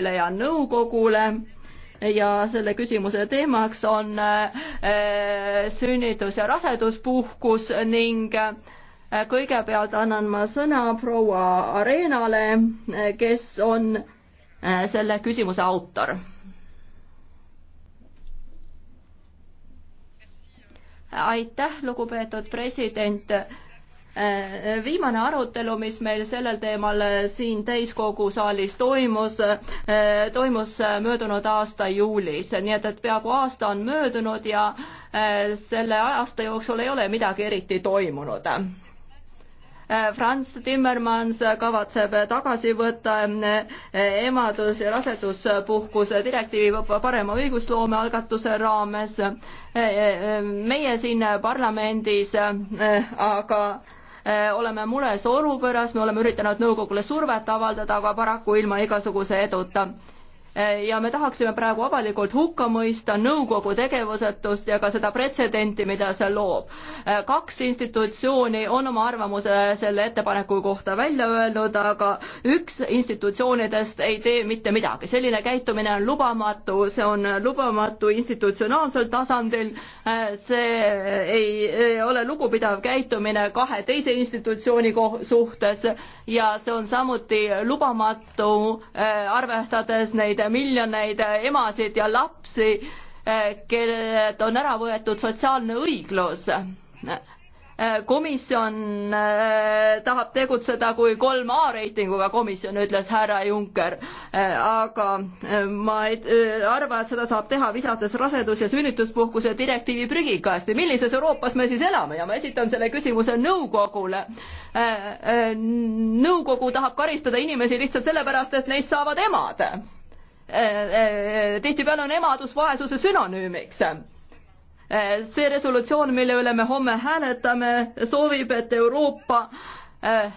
parlamendile ja nõukogule ja selle küsimuse teemaks on äh, sünnitus- ja raseduspuhkus ning äh, kõigepealt annan ma sõna proua Areenale, äh, kes on selle küsimuse autor. aitäh, lugupeetud president Äh, viimane arutelu, mis meil sellel teemal äh, siin täiskogu saalis toimus, äh, toimus möödunud aasta juulis, nii et, et peaaegu aasta on möödunud ja selle aasta jooksul ei ole midagi eriti toimunud. Franz Timmermans kavatseb tagasi võtta emadus- ja raseduspuhkuse direktiivi parema õigusloome algatuse raames. meie siin parlamendis aga Äh, oleme mures olukorras, me oleme üritanud nõukogule survet avaldada, aga paraku ilma igasuguse eduta Eh, ja me tahaksime praegu avalikult hukka mõista nõukogu tegevusetust ja ka seda pretsedenti, mida see loob. Eh, kaks institutsiooni on oma arvamuse selle ettepaneku kohta välja öelnud, aga üks institutsioonidest ei tee mitte midagi. selline käitumine on lubamatu, see on lubamatu institutsionaalsel tasandil, eh, see ei, ei ole lugupidav käitumine kahe teise institutsiooni suhtes ja see on samuti lubamatu, arvestades neid neid miljoneid äh, emasid ja lapsi, äh, kellelt on ära võetud sotsiaalne õiglus äh, komisjon tahab tegutseda kui kolm A-reitinguga komisjon, ütles härra Juncker. aga ma ei arva, et seda saab teha, visates rasedus- ja sünnituspuhkuse direktiivi prügikasti. millises Euroopas me siis elame ja ma esitan selle küsimuse nõukogule. nõukogu tahab karistada inimesi lihtsalt sellepärast, et neist saavad emad tihtipeale on emadus vaesuse sünonüümiks. see resolutsioon, mille üle me homme hääletame, soovib, et Euroopa äh, äh,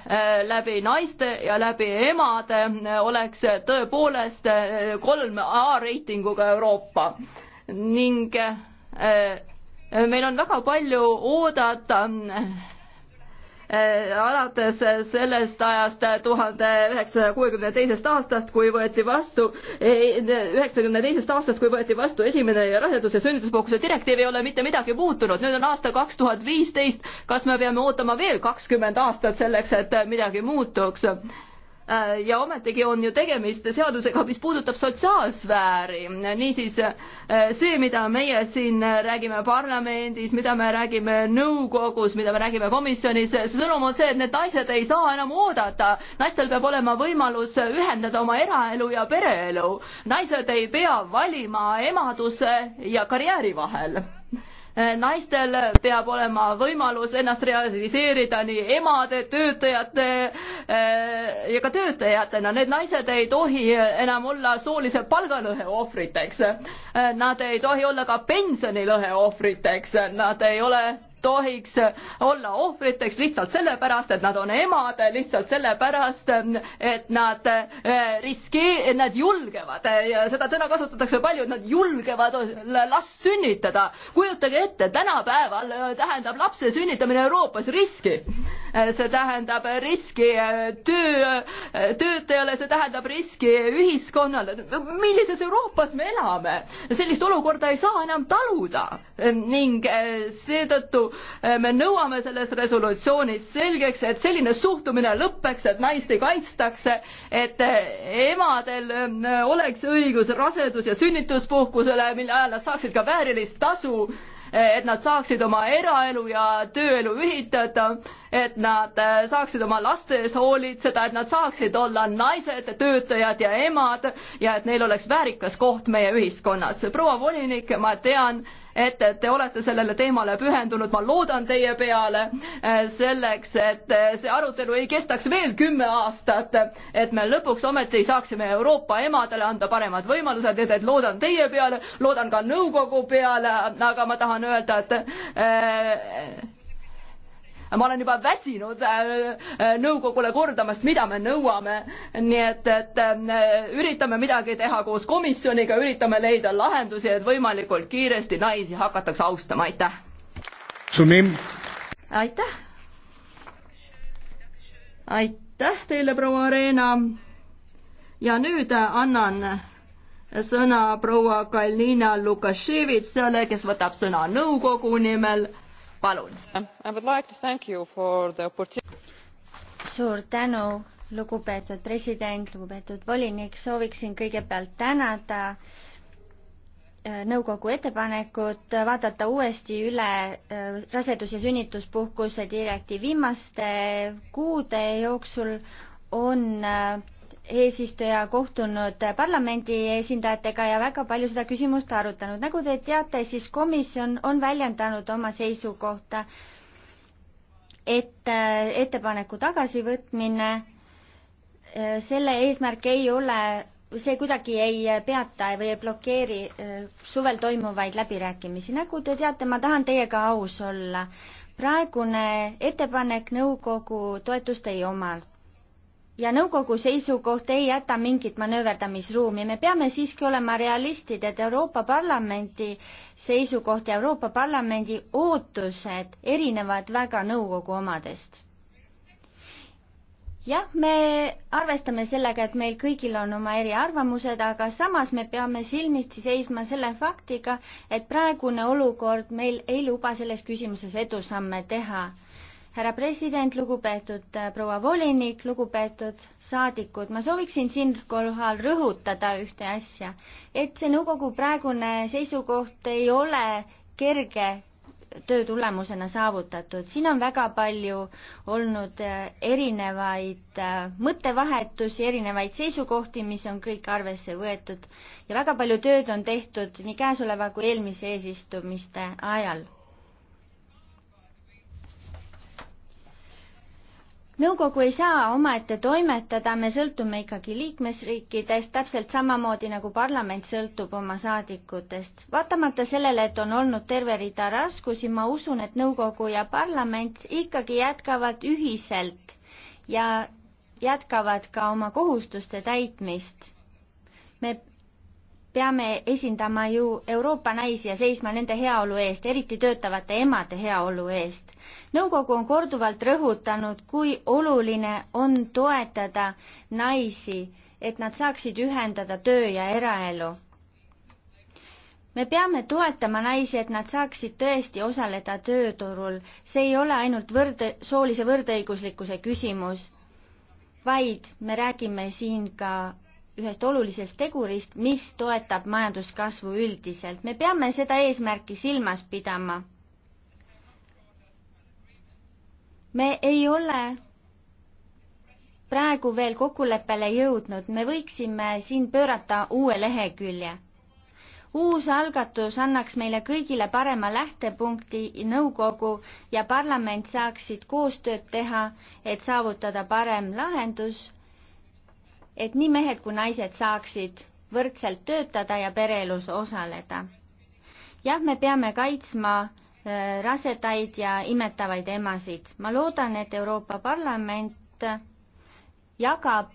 läbi naiste ja läbi emade äh, oleks tõepoolest kolm A-reitinguga Euroopa ning meil on väga palju oodata Eh, alates sellest ajast eh, tuhande üheksasaja kuuekümne teisest aastast, kui võeti vastu, üheksakümne teisest aastast, kui võeti vastu esimene rasedus- ja sünnituspuhkuse direktiiv, ei ole mitte midagi muutunud. nüüd on aasta kaks tuhat viisteist, kas me peame ootama veel kakskümmend aastat selleks, et eh, midagi muutuks? Äh, ja ometigi on ju tegemist seadusega, mis puudutab sotsiaalsfääri, niisiis äh, see, mida meie siin räägime parlamendis, mida me räägime nõukogus, mida me räägime komisjonis, see sõnum on see, et need naised ei saa enam oodata, naistel peab olema võimalus ühendada oma eraelu ja pereelu. naised ei pea valima emaduse ja karjääri vahel Eh, naistel peab olema võimalus ennast realiseerida nii emade, töötajate eh, ja ka töötajatena. Need naised ei tohi enam olla soolise palgalõhe ohvriteks. Eh, nad ei tohi olla ka pensionilõhe ohvriteks, nad ei ole tohiks olla ohvriteks lihtsalt sellepärast, et nad on emad, lihtsalt sellepärast, et nad eh, riski-, nad julgevad ja seda sõna kasutatakse palju, et nad julgevad last sünnitada. kujutage ette, tänapäeval eh, tähendab lapse sünnitamine Euroopas riski Äh, see tähendab riski äh, töö, äh, töötajale, see tähendab riski ühiskonnale. millises Euroopas me elame? sellist olukorda ei saa enam taluda ning seetõttu me nõuame selles resolutsioonis selgeks, et selline suhtumine lõpeks, et naist ei kaitstakse, et emadel oleks õigus rasedus- ja sünnituspuhkusele, mille ajal nad saaksid ka väärilist tasu et nad saaksid oma eraelu ja tööelu ühitada, et nad äh, saaksid oma laste ees hoolitseda, et nad saaksid olla naised, töötajad ja emad ja et neil oleks väärikas koht meie ühiskonnas. proua volinik, ma tean, et te olete sellele teemale pühendunud, ma loodan teie peale eh, selleks, et eh, see arutelu ei kestaks veel kümme aastat, et me lõpuks ometi saaksime Euroopa emadele anda paremad võimalused, nii et loodan teie peale, loodan ka nõukogu peale, aga ma tahan öelda, et eh, ma olen juba väsinud äh, äh, nõukogule kordamast, mida me nõuame. nii et, et äh, üritame midagi teha koos komisjoniga, üritame leida lahendusi, et võimalikult kiiresti naisi hakatakse austama, aitäh. aitäh. aitäh teile, proua Reena. ja nüüd annan sõna proua Kalina Lukaševitšale, kes võtab sõna nõukogu nimel palun! suur tänu, lugupeetud president, lugupeetud volinik, sooviksin kõigepealt tänada äh, nõukogu ettepanekut äh, vaadata uuesti üle äh, rasedus- ja sünnituspuhkuse direktiiv. viimaste kuude jooksul on eesistuja kohtunud parlamendi esindajatega ja väga palju seda küsimust arutanud. nagu te teate, siis komisjon on väljendanud oma seisukohta, et äh, ettepaneku tagasivõtmine, äh, selle eesmärk ei ole, see kuidagi ei peata või ei blokeeri äh, suvel toimuvaid läbirääkimisi. nagu te teate, ma tahan teiega aus olla. praegune ettepanek nõukogu toetust ei omalt ja nõukogu seisukoht ei jäta mingit manööverdamisruumi, me peame siiski olema realistid, et Euroopa Parlamendi seisukoht ja Euroopa Parlamendi ootused erinevad väga nõukogu omadest. jah, me arvestame sellega, et meil kõigil on oma eriarvamused, aga samas me peame silmitsi seisma selle faktiga, et praegune olukord meil ei luba selles küsimuses edusamme teha härra president, lugupeetud äh, proua volinik, lugupeetud saadikud, ma sooviksin siinkohal rõhutada ühte asja, et see nõukogu praegune seisukoht ei ole kerge töö tulemusena saavutatud, siin on väga palju olnud äh, erinevaid äh, mõttevahetusi, erinevaid seisukohti, mis on kõik arvesse võetud ja väga palju tööd on tehtud nii käesoleva kui eelmise eesistumiste ajal nõukogu ei saa omaette toimetada, me sõltume ikkagi liikmesriikidest, täpselt samamoodi nagu parlament sõltub oma saadikutest. vaatamata sellele, et on olnud terve rida raskusi, ma usun, et nõukogu ja parlament ikkagi jätkavad ühiselt ja jätkavad ka oma kohustuste täitmist. me peame esindama ju Euroopa naisi ja seisma nende heaolu eest, eriti töötavate emade heaolu eest. nõukogu on korduvalt rõhutanud, kui oluline on toetada naisi, et nad saaksid ühendada töö ja eraelu. me peame toetama naisi, et nad saaksid tõesti osaleda tööturul, see ei ole ainult võrd-, soolise võrdõiguslikkuse küsimus, vaid me räägime siin ka ühest olulisest tegurist, mis toetab majanduskasvu üldiselt. me peame seda eesmärki silmas pidama. me ei ole praegu veel kokkuleppele jõudnud, me võiksime siin pöörata uue lehekülje. uus algatus annaks meile kõigile parema lähtepunkti, nõukogu ja parlament saaksid koostööd teha, et saavutada parem lahendus et nii mehed kui naised saaksid võrdselt töötada ja pereelus osaleda. jah, me peame kaitsma äh, rasedaid ja imetavaid emasid. ma loodan, et Euroopa Parlament jagab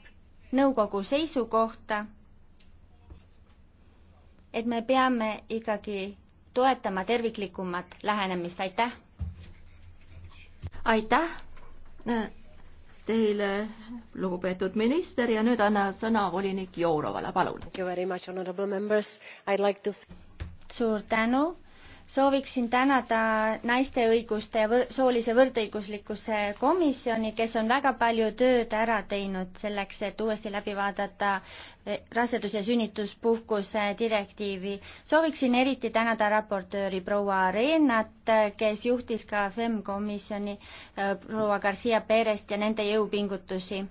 nõukogu seisukohta, et me peame ikkagi toetama terviklikumat lähenemist, aitäh! aitäh! teile, lugupeetud minister, ja nüüd annan sõna volinik Jourovale, palun. Like to... suur tänu sooviksin tänada naiste õiguste ja soolise võrdõiguslikkuse komisjoni, kes on väga palju tööd ära teinud selleks, et uuesti läbi vaadata eh, rasedus- ja sünnituspuhkuse direktiivi. sooviksin eriti tänada raportööri proua Areenat, kes juhtis ka FEM komisjoni eh, proua Garcia Perest ja nende jõupingutusi.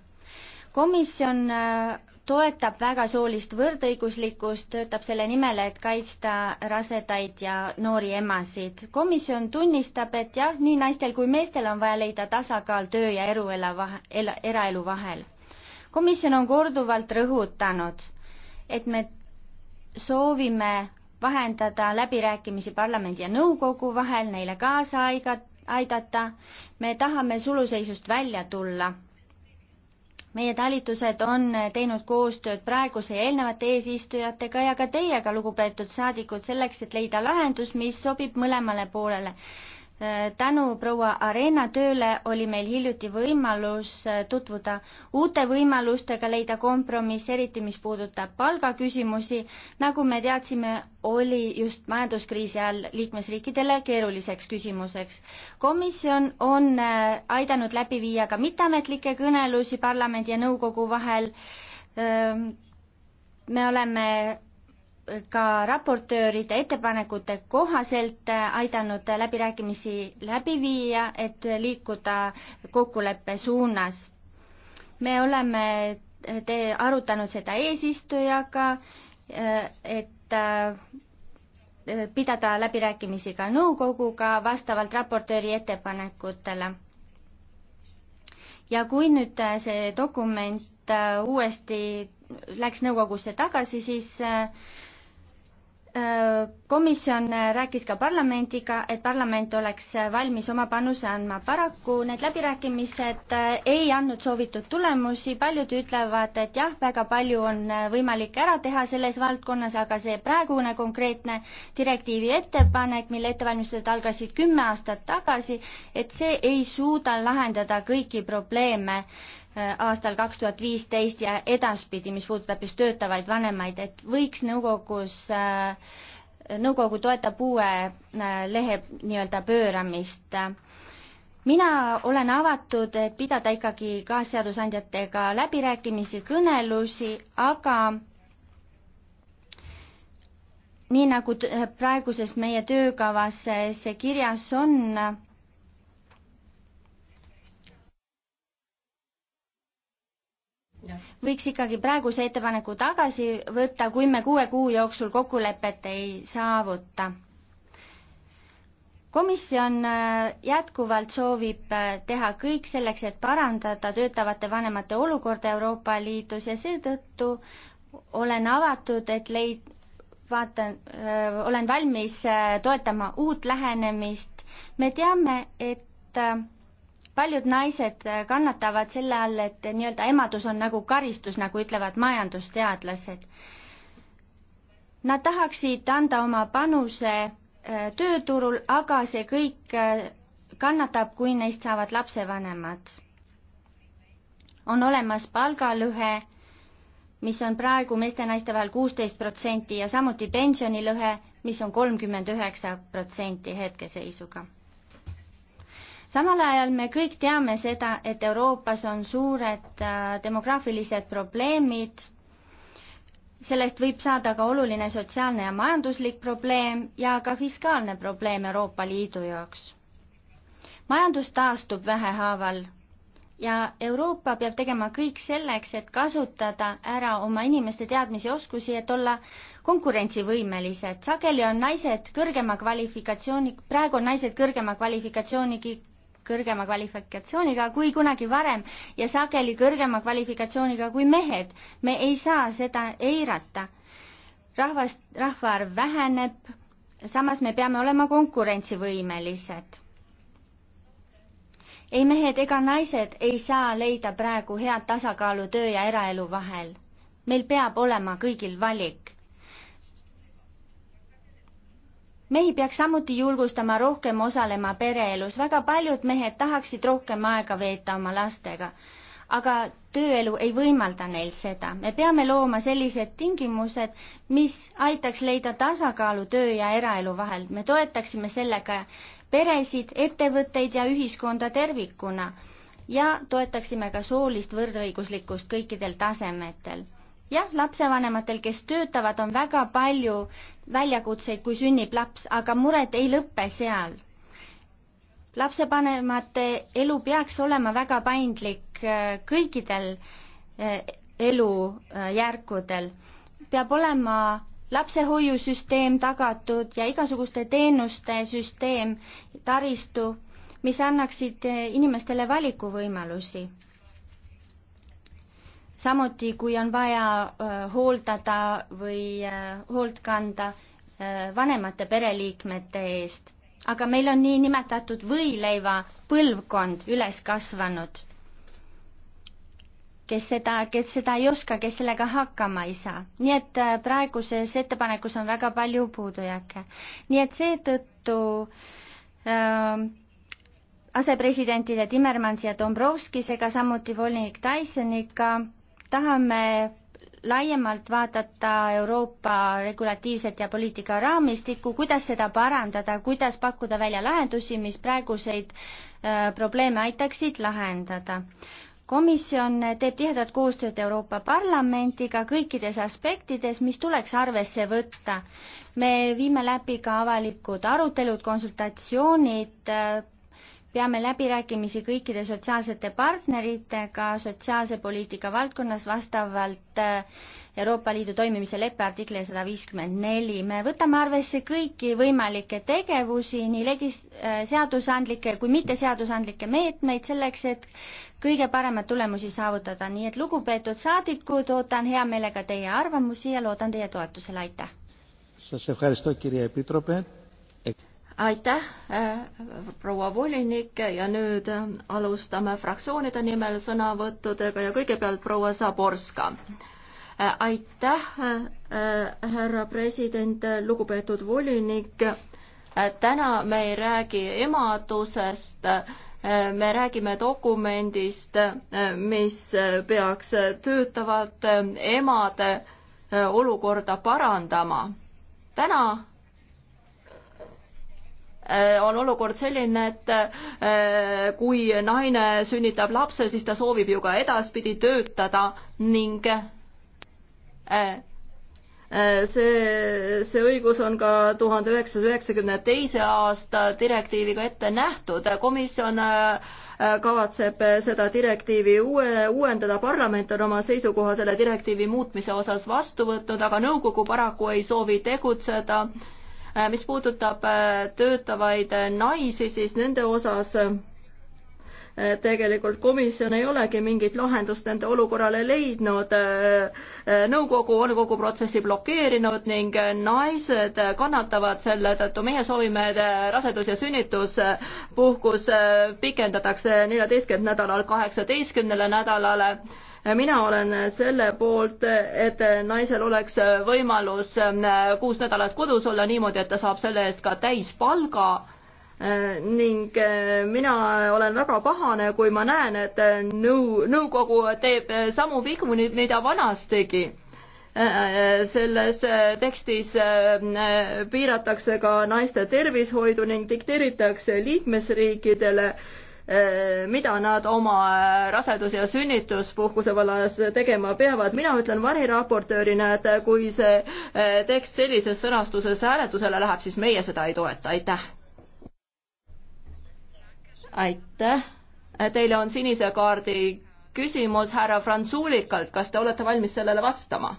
komisjon eh, toetab väga soolist võrdõiguslikkust, töötab selle nimel, et kaitsta rasedaid ja noori emasid. komisjon tunnistab, et jah, nii naistel kui meestel on vaja leida tasakaal töö ja eruela vahe, eraelu vahel. komisjon on korduvalt rõhutanud, et me soovime vahendada läbirääkimisi parlamendi ja nõukogu vahel, neile kaasa aigata, aidata. me tahame suluseisust välja tulla meie talitused on teinud koostööd praeguse ja eelnevate eesistujatega ja ka teiega, lugupeetud saadikud, selleks, et leida lahendus, mis sobib mõlemale poolele tänu proua Arena tööle oli meil hiljuti võimalus äh, tutvuda uute võimalustega leida kompromiss, eriti mis puudutab palgaküsimusi. nagu me teadsime, oli just majanduskriisi ajal liikmesriikidele keeruliseks küsimuseks. komisjon on äh, aidanud läbi viia ka mitteametlikke kõnelusi parlamendi ja nõukogu vahel. me oleme ka raportööride ettepanekute kohaselt aidanud läbirääkimisi läbi viia, et liikuda kokkuleppe suunas. me oleme te arutanud seda eesistujaga, et äh, pidada läbirääkimisi ka nõukoguga vastavalt raportööri ettepanekutele. ja kui nüüd see dokument äh, uuesti läks nõukogusse tagasi, siis äh, Äh, komisjon äh, rääkis ka parlamendiga, et parlament oleks äh, valmis oma panuse andma. paraku need läbirääkimised ei andnud soovitud tulemusi, paljud ütlevad, et jah, väga palju on võimalik ära teha selles valdkonnas, aga see praegune konkreetne direktiivi ettepanek, mille ettevalmistused algasid kümme aastat tagasi, et see ei suuda lahendada kõiki probleeme Äh, aastal kaks tuhat viisteist ja edaspidi, mis puudutab just töötavaid vanemaid, et võiks nõukogus, äh, nõukogu toetab uue äh, lehe nii-öelda pööramist mina olen avatud, et pidada ikkagi kaasseadusandjatega läbirääkimisi, kõnelusi, aga nii nagu praeguses meie töökavas see kirjas on, võiks ikkagi praeguse ettepaneku tagasi võtta, kui me kuue kuu jooksul kokkulepet ei saavuta. komisjon äh, jätkuvalt soovib äh, teha kõik selleks, et parandada töötavate vanemate olukorda Euroopa Liidus ja seetõttu olen avatud, et leid-, vaatan, äh, olen valmis toetama uut lähenemist. me teame, et öö, paljud naised äh, kannatavad selle all, et nii-öelda emadus on nagu karistus, nagu ütlevad majandusteadlased. Nad tahaksid anda oma panuse äh, tööturul, aga see kõik äh, kannatab, kui neist saavad lapsevanemad. on olemas palgalõhe, mis on praegu meeste ja naiste vahel kuusteist protsenti ja samuti pensionilõhe, mis on kolmkümmend üheksa protsenti hetkeseisuga samal ajal me kõik teame seda, et Euroopas on suured äh, demograafilised probleemid, sellest võib saada ka oluline sotsiaalne ja majanduslik probleem ja ka fiskaalne probleem Euroopa Liidu jaoks. majandus taastub vähehaaval ja Euroopa peab tegema kõik selleks, et kasutada ära oma inimeste teadmisi ja oskusi, et olla konkurentsivõimelised. sageli on naised kõrgema kvalifikatsiooni, praegu on naised kõrgema kvalifikatsiooniga kõrgema kvalifikatsiooniga kui kunagi varem ja sageli kõrgema kvalifikatsiooniga kui mehed. me ei saa seda eirata. rahvast, rahvaarv väheneb, samas me peame olema konkurentsivõimelised ei mehed ega naised ei saa leida praegu head tasakaalu töö ja eraelu vahel. meil peab olema kõigil valik mehi peaks samuti julgustama rohkem osalema pereelus, väga paljud mehed tahaksid rohkem aega veeta oma lastega. aga tööelu ei võimalda neil seda, me peame looma sellised tingimused, mis aitaks leida tasakaalu töö ja eraelu vahel, me toetaksime sellega peresid, ettevõtteid ja ühiskonda tervikuna ja toetaksime ka soolist võrdõiguslikkust kõikidel tasemetel jah, lapsevanematel, kes töötavad, on väga palju väljakutseid, kui sünnib laps, aga mured ei lõpe seal. lapsevanemate elu peaks olema väga paindlik äh, kõikidel äh, elujärkudel. Äh, peab olema lapsehoiusüsteem tagatud ja igasuguste teenuste süsteem, taristu, mis annaksid inimestele valikuvõimalusi samuti kui on vaja hooldada või hoolt kanda vanemate pereliikmete eest. aga meil on niinimetatud võileiva põlvkond üles kasvanud, kes seda, kes seda ei oska, kes sellega hakkama ei saa. nii et praeguses ettepanekus on väga palju puudujääke. nii et seetõttu äh, asepresidentide Timmermansi ja Dombrovskisega, samuti volinik Tysoniga tahame laiemalt vaadata Euroopa regulatiivset ja poliitika raamistikku, kuidas seda parandada, kuidas pakkuda välja lahendusi, mis praeguseid äh, probleeme aitaksid lahendada. komisjon teeb tihedat koostööd Euroopa Parlamendiga kõikides aspektides, mis tuleks arvesse võtta. me viime läbi ka avalikud arutelud, konsultatsioonid äh, peame läbirääkimisi kõikide sotsiaalsete partneritega sotsiaalse poliitika valdkonnas vastavalt äh, Euroopa Liidu toimimise leppe artikli sada viiskümmend neli. me võtame arvesse kõiki võimalikke tegevusi, nii legis-, äh, seadusandlikke kui mitteseadusandlikke meetmeid selleks, et kõige paremaid tulemusi saavutada, nii et lugupeetud saadikud, ootan hea meelega teie arvamusi ja loodan teie toetusele, aitäh! aitäh, äh, proua volinik ja nüüd äh, alustame fraktsioonide nimel sõnavõttudega ja kõigepealt proua Zaborska. Äh, aitäh, härra president, lugupeetud volinik. täna me ei räägi emadusest, me räägime dokumendist, mis peaks töötavate emade olukorda parandama. täna Äh, on olukord selline, et äh, kui naine sünnitab lapse, siis ta soovib ju ka edaspidi töötada ning äh, see, see õigus on ka tuhande üheksasaja üheksakümne teise aasta direktiiviga ette nähtud. komisjon kavatseb seda direktiivi uue, uuendada, parlament on oma seisukoha selle direktiivi muutmise osas vastu võtnud, aga nõukogu paraku ei soovi tegutseda Äh, mis puudutab äh, töötavaid äh, naisi, siis nende osas tegelikult komisjon ei olegi mingit lahendust nende olukorrale leidnud. nõukogu on kogu protsessi blokeerinud ning naised kannatavad selle tõttu. meie soovime, et rasedus- ja sünnituspuhkus pikendatakse neljateistkümnendalt nädalalt kaheksateistkümnele nädalale mina olen selle poolt, et naisel oleks võimalus ähm, kuus nädalat kodus olla niimoodi, et ta saab selle eest ka täispalga äh, ning äh, mina olen väga pahane, kui ma näen, et nõu-, nõukogu teeb äh, samu vigu, mida vanas tegi. selles tekstis piiratakse ka naiste tervishoidu ning dikteeritakse liikmesriikidele, Äh, mida nad oma rasedus- ja sünnituspuhkuse vallas tegema peavad. mina ütlen variraportöörina, et kui see äh, tekst sellises sõnastuses hääletusele läheb, siis meie seda ei toeta, aitäh. aitäh. Teile on sinise kaardi küsimus härra Franzulikalt, kas te olete valmis sellele vastama?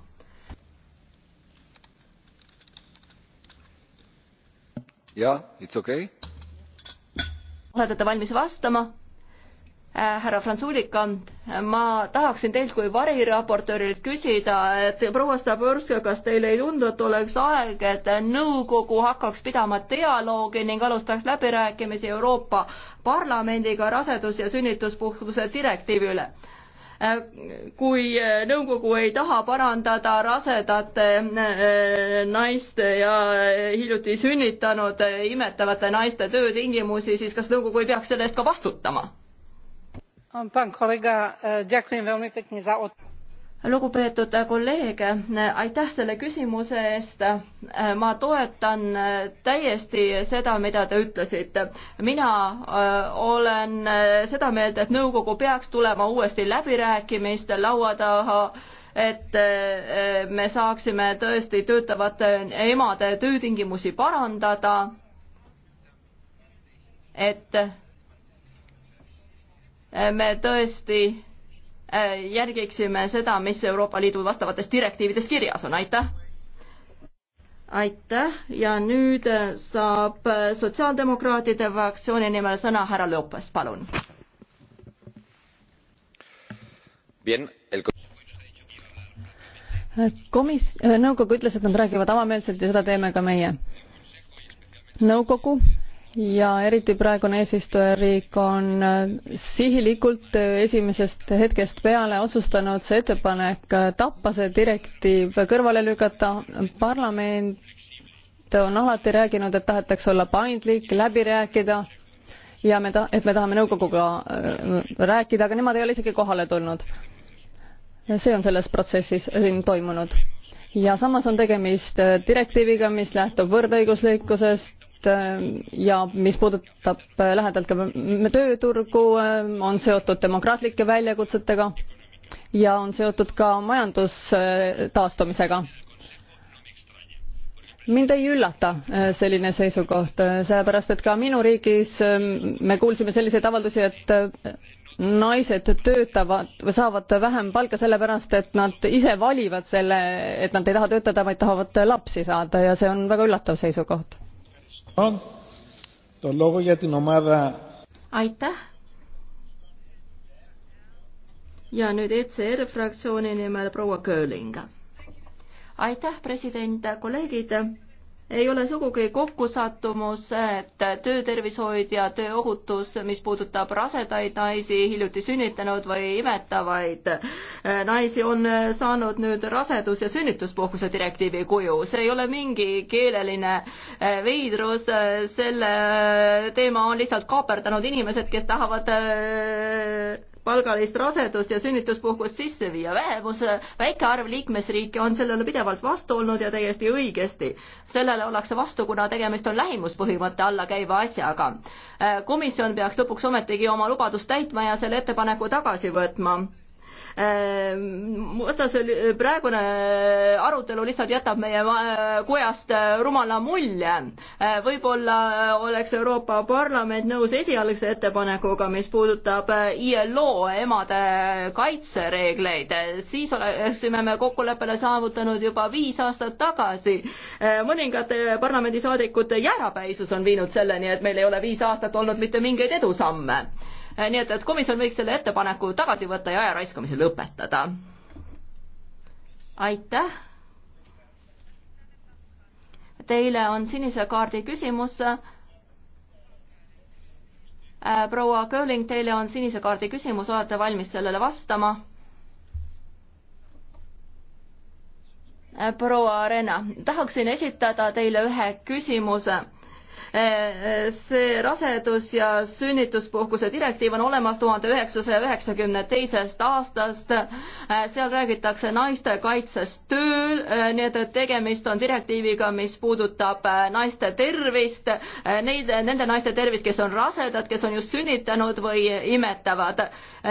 jah, it's okei okay olete te valmis vastama? Äh, härra Fransulika, äh, ma tahaksin teilt kui variraportöörilt küsida, et proua Stabõrska, kas teile ei tundu, et oleks aeg, et nõukogu hakkaks pidama dialoogi ning alustaks läbirääkimisi Euroopa Parlamendiga rasedus- ja sünnituspuhkuse direktiivi üle? kui äh, nõukogu ei taha parandada rasedate äh, naiste ja äh, hiljuti sünnitanud imetavate naiste töötingimusi, siis kas nõukogu ei peaks selle eest ka vastutama? lugupeetud kolleeg, aitäh selle küsimuse eest. ma toetan täiesti seda, mida te ütlesite. mina äh, olen äh, seda meelt, et nõukogu peaks tulema uuesti läbirääkimiste laua taha et äh, me saaksime tõesti töötavate emade töötingimusi parandada. et me tõesti Äh, järgiksime seda, mis Euroopa Liidu vastavates direktiivides kirjas on, aitäh! aitäh ja nüüd äh, saab äh, Sotsiaaldemokraatide fraktsiooni nimel sõna härra Lopes, palun. komis-, nõukogu ütles, et nad räägivad avameelselt ja seda teeme ka meie. nõukogu ja eriti praegune eesistujariik on äh, sihilikult äh, esimesest hetkest peale otsustanud see ettepanek äh, tappa, see direktiiv kõrvale lükata. parlament on alati rääkinud, et tahetakse olla paindlik, läbi rääkida ja me ta-, et me tahame nõukoguga rääkida, aga nemad ei ole isegi kohale tulnud. see on selles protsessis siin toimunud ja samas on tegemist direktiiviga, mis lähtub võrdõiguslikkusest, Ähm, ja mis puudutab äh, lähedalt ka tööturgu, ähm, on seotud demokraatlike väljakutsetega ja on seotud ka majandustaastumisega. Äh, mind ei üllata äh, selline seisukoht, sellepärast et ka minu riigis ähm, me kuulsime selliseid avaldusi, et naised töötavad või saavad vähem palka sellepärast, et nad ise valivad selle, et nad ei taha töötada, vaid tahavad lapsi saada ja see on väga üllatav seisukoht aitäh. ja nüüd ECR fraktsiooni nimel proua Kööling. aitäh, president, kolleegid ei ole sugugi kokkusattumus, et töötervishoid ja tööohutus, mis puudutab rasedaid naisi, hiljuti sünnitanud või imetavaid äh, naisi, on äh, saanud nüüd rasedus- ja sünnituspuhkuse direktiivi kuju. see ei ole mingi keeleline äh, veidrus, selle teema on lihtsalt kaaperdanud inimesed, kes tahavad palgalist rasedust ja sünnituspuhkust sisse viia. vähemus, väike arv liikmesriike on sellele pidevalt vastu olnud ja täiesti õigesti. sellel sellele ollakse vastu, kuna tegemist on lähimuspõhimõtte alla käiva asjaga. Äh, komisjon peaks lõpuks ometigi oma lubadust täitma ja selle ettepaneku tagasi võtma Ehm, vastasel, praegune arutelu lihtsalt jätab meie kojast äh, rumala mulje. Äh, võib-olla äh, oleks Euroopa Parlament nõus esialgse ettepanekuga, mis puudutab ILO emade kaitsereegleid, siis oleksime me kokkuleppele saavutanud juba viis aastat tagasi. mõningate parlamendisaadikute jäärapäisus on viinud selleni, et meil ei ole viis aastat olnud mitte mingeid edusamme Äh, nii et, et komisjon võiks selle ettepaneku tagasi võtta ja aja raiskamise lõpetada. aitäh. Teile on sinise kaardi küsimus. Äh, proua Kööling, teile on sinise kaardi küsimus, olete valmis sellele vastama? Äh, proua Arena, tahaksin esitada teile ühe küsimuse Eh, eh, see rasedus- ja sünnituspuhkuse direktiiv on olemas tuhande üheksasaja üheksakümne teisest aastast. Eh, seal räägitakse naiste kaitsest tööl, nii et, et tegemist on direktiiviga, mis puudutab naiste tervist, neid, nende naiste tervist, kes on rasedad, kes on just sünnitanud või imetavad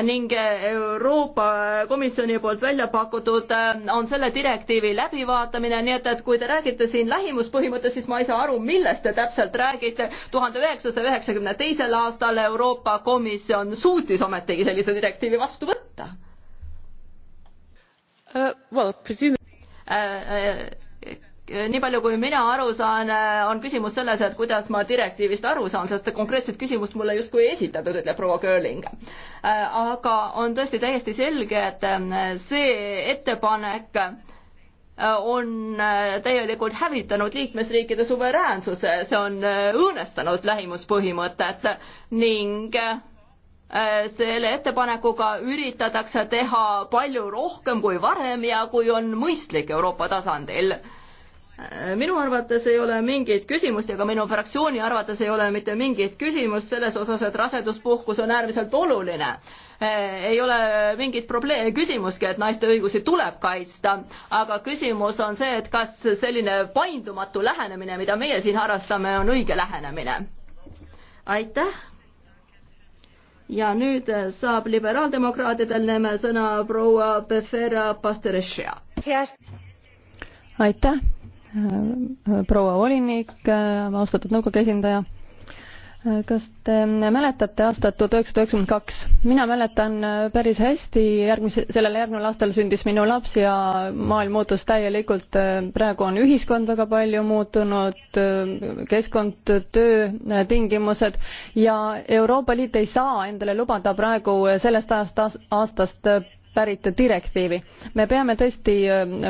ning Euroopa Komisjoni poolt välja pakutud on selle direktiivi läbivaatamine, nii et, et kui te räägite siin lähimuspõhimõttest, siis ma ei saa aru, millest te täpselt räägite. tuhande üheksasaja üheksakümne teisel aastal Euroopa Komisjon suutis ometigi sellise direktiivi vastu võtta uh,. Well, presume... uh, uh, nii palju, kui mina aru saan, uh, on küsimus selles, et kuidas ma direktiivist aru saan, sest konkreetset küsimust mulle justkui ei esitatud, ütleb proua Kööling. Uh, aga on tõesti täiesti selge, et uh, see ettepanek Äh, on äh, täielikult hävitanud liikmesriikide suveräänsuse, see on äh, õõnestanud lähimuspõhimõtet ning selle ettepanekuga üritatakse teha palju rohkem kui varem ja kui on mõistlik Euroopa tasandil. minu arvates ei ole mingit küsimust ja ka minu fraktsiooni arvates ei ole mitte mingit küsimust selles osas, et raseduspuhkus on äärmiselt oluline Eh, ei ole mingit probleemi, küsimustki, et naiste õigusi tuleb kaitsta, aga küsimus on see, et kas selline paindumatu lähenemine, mida meie siin harrastame, on õige lähenemine. aitäh. ja nüüd eh, saab liberaaldemokraatidel nimel sõna proua Befera Pasterešia. aitäh, eh, proua volinik, austatud nõukogu esindaja kas te mäletate aastat tuhat üheksasada üheksakümmend kaks? mina mäletan äh, päris hästi, järgmise, sellel järgneval aastal sündis minu laps ja maailm muutus täielikult. Äh, praegu on ühiskond väga palju muutunud, äh, keskkond, töötingimused ja Euroopa Liit ei saa endale lubada praegu sellest aastast, aastast pärit direktiivi. me peame tõesti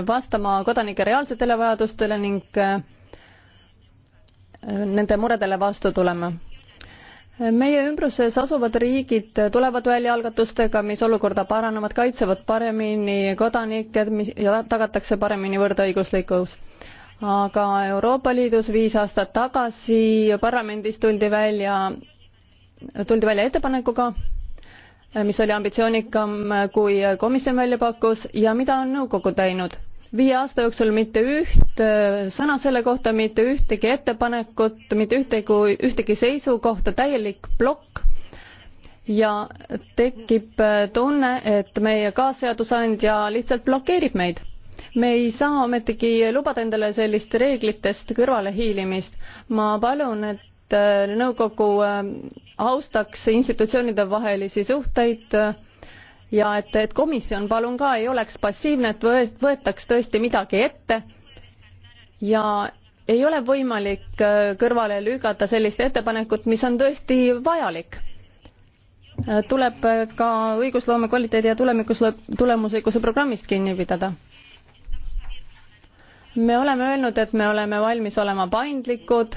vastama kodanike reaalsetele vajadustele ning nende muredele vastu tulema meie ümbruses asuvad riigid tulevad välja algatustega, mis olukorda paranevad, kaitsevad paremini kodanikke, mis ja tagatakse paremini võrdõiguslikkus. aga Euroopa Liidus viis aastat tagasi parlamendis tuldi välja, tuldi välja ettepanekuga, mis oli ambitsioonikam, kui komisjon välja pakkus ja mida on nõukogu teinud viie aasta jooksul mitte üht äh, sõna selle kohta, mitte ühtegi ettepanekut, mitte ühtegi, ühtegi seisukohta, täielik plokk ja tekib äh, tunne, et meie kaasseadusandja lihtsalt blokeerib meid. me ei saa ometigi lubada endale sellist reeglitest kõrvalehiilimist. ma palun, et äh, nõukogu austaks institutsioonide vahelisi suhteid ja et, et komisjon palun ka ei oleks passiivne, et võetaks tõesti midagi ette ja ei ole võimalik äh, kõrvale lükata sellist ettepanekut, mis on tõesti vajalik. Äh, tuleb äh, ka õigusloome kvaliteedi ja tulemikus, tulemuslikkuse programmist kinni pidada. me oleme öelnud, et me oleme valmis olema paindlikud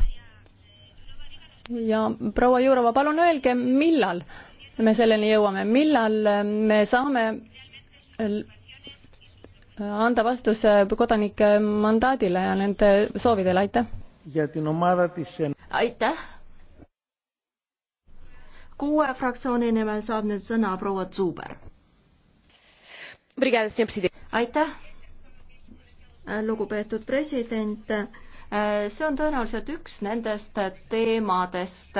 ja proua Jurova, palun öelge, millal me selleni jõuame, millal äh, me saame äh, anda vastuse kodanike mandaadile ja nende soovidele, aitäh! aitäh! kuue fraktsiooni nimel saab nüüd sõna proua Zuber. aitäh, lugupeetud president. Äh, see on tõenäoliselt üks nendest teemadest,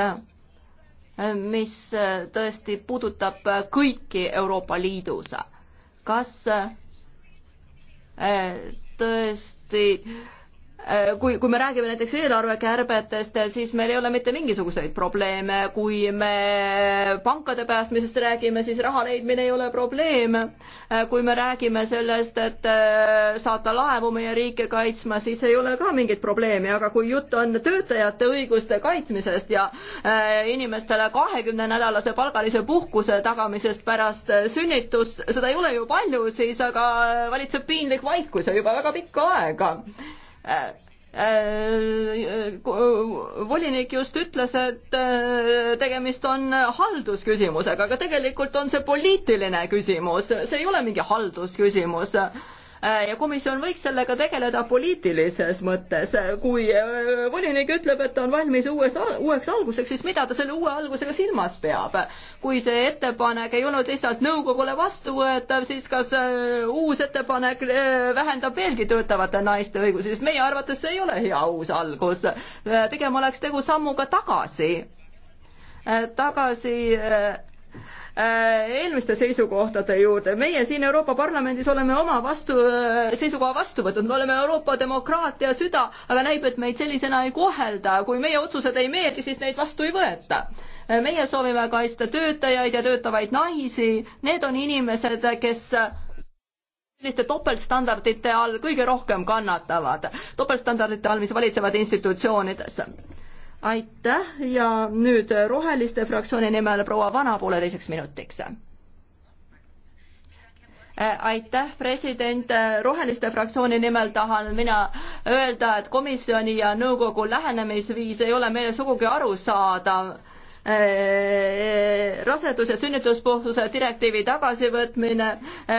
mis äh, tõesti puudutab äh, kõiki Euroopa Liidus. kas äh, tõesti Äh, kui, kui me räägime näiteks eelarvekärbetest, siis meil ei ole mitte mingisuguseid probleeme, kui me pankade päästmisest räägime, siis raha leidmine ei ole probleem. Äh, kui me räägime sellest, et äh, saata laevu meie riike kaitsma, siis ei ole ka mingit probleemi, aga kui jutt on töötajate õiguste kaitsmisest ja inimestele kahekümne nädalase palgalise puhkuse tagamisest pärast sünnitust, seda ei ole ju palju, siis aga valitseb piinlik vaikus ja juba väga pikka aega Äh, äh, äh, volinik just ütles, et tegemist on haldusküsimusega, aga tegelikult on see poliitiline küsimus, see ei ole mingi haldusküsimus Äh, ja komisjon võiks sellega tegeleda poliitilises mõttes. Äh, kui äh, volinik ütleb, et ta on valmis uues, uueks alguseks, siis mida ta selle uue algusega silmas peab? kui see ettepanek ei olnud lihtsalt nõukogule vastuvõetav, siis kas uus ettepanek vähendab veelgi töötavate naiste õigusi, sest meie arvates see ei ole hea uus algus. pigem oleks tegu sammuga tagasi tagasi Äh, eelmiste seisukohtade juurde. meie siin Euroopa Parlamendis oleme oma vastu, äh, seisukoha vastu võtnud, me oleme Euroopa demokraatia süda, aga näib, et meid sellisena ei kohelda. kui meie otsused ei meeldi, siis neid vastu ei võeta. Äh, meie soovime kaitsta töötajaid ja töötavaid naisi, need on inimesed, kes selliste topeltstandardite all kõige rohkem kannatavad, topeltstandardite all, mis valitsevad institutsioonides aitäh ja nüüd Roheliste fraktsiooni nimel proua Vana pooleteiseks minutiks aitäh, president, Roheliste fraktsiooni nimel tahan mina öelda, et komisjoni ja nõukogu lähenemisviis ei ole meile sugugi arusaadav rasedus- ja sünnituspuhkuse direktiivi tagasivõtmine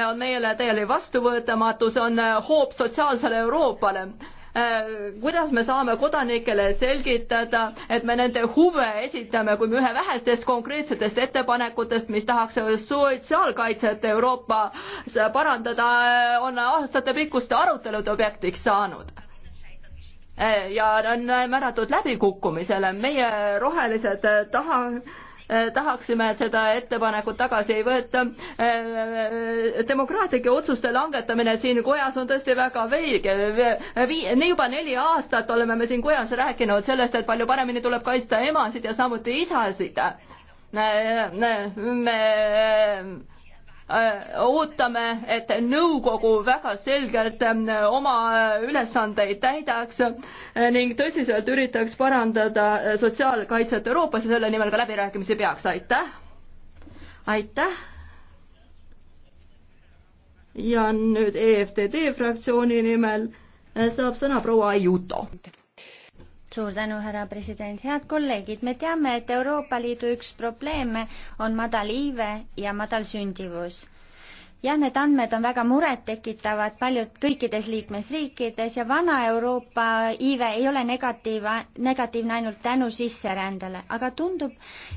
on meile täielikult vastuvõetamatu, see on hoop sotsiaalsele Euroopale Äh, kuidas me saame kodanikele selgitada, et me nende huve esitame, kui me ühe vähestest konkreetsetest ettepanekutest, mis tahaks sotsiaalkaitset Euroopas parandada, äh, on aastatepikkuste arutelude objektiks saanud äh, ja on määratud läbikukkumisele. meie rohelised taha, Äh, tahaksime, et seda ettepanekut tagasi ei võeta. Äh, äh, demokraatlike otsuste langetamine siin kojas on tõesti väga veige. juba neli aastat oleme me siin kojas rääkinud sellest, et palju paremini tuleb kaitsta emasid ja samuti isasid. me, me Äh, ootame, et nõukogu väga selgelt ähm, oma äh, ülesandeid täidaks äh, ning tõsiselt üritaks parandada sotsiaalkaitset Euroopas ja selle nimel ka läbirääkimisi peaks, aitäh! aitäh! ja nüüd EFTD fraktsiooni nimel saab sõna proua Ajuto suur tänu, härra president, head kolleegid, me teame, et Euroopa Liidu üks probleeme on madal iive ja madal sündivus jah, need andmed on väga murettekitavad paljud kõikides liikmesriikides ja Vana-Euroopa iive ei ole negatiiv, negatiivne ainult tänu sisserändele, aga tundub,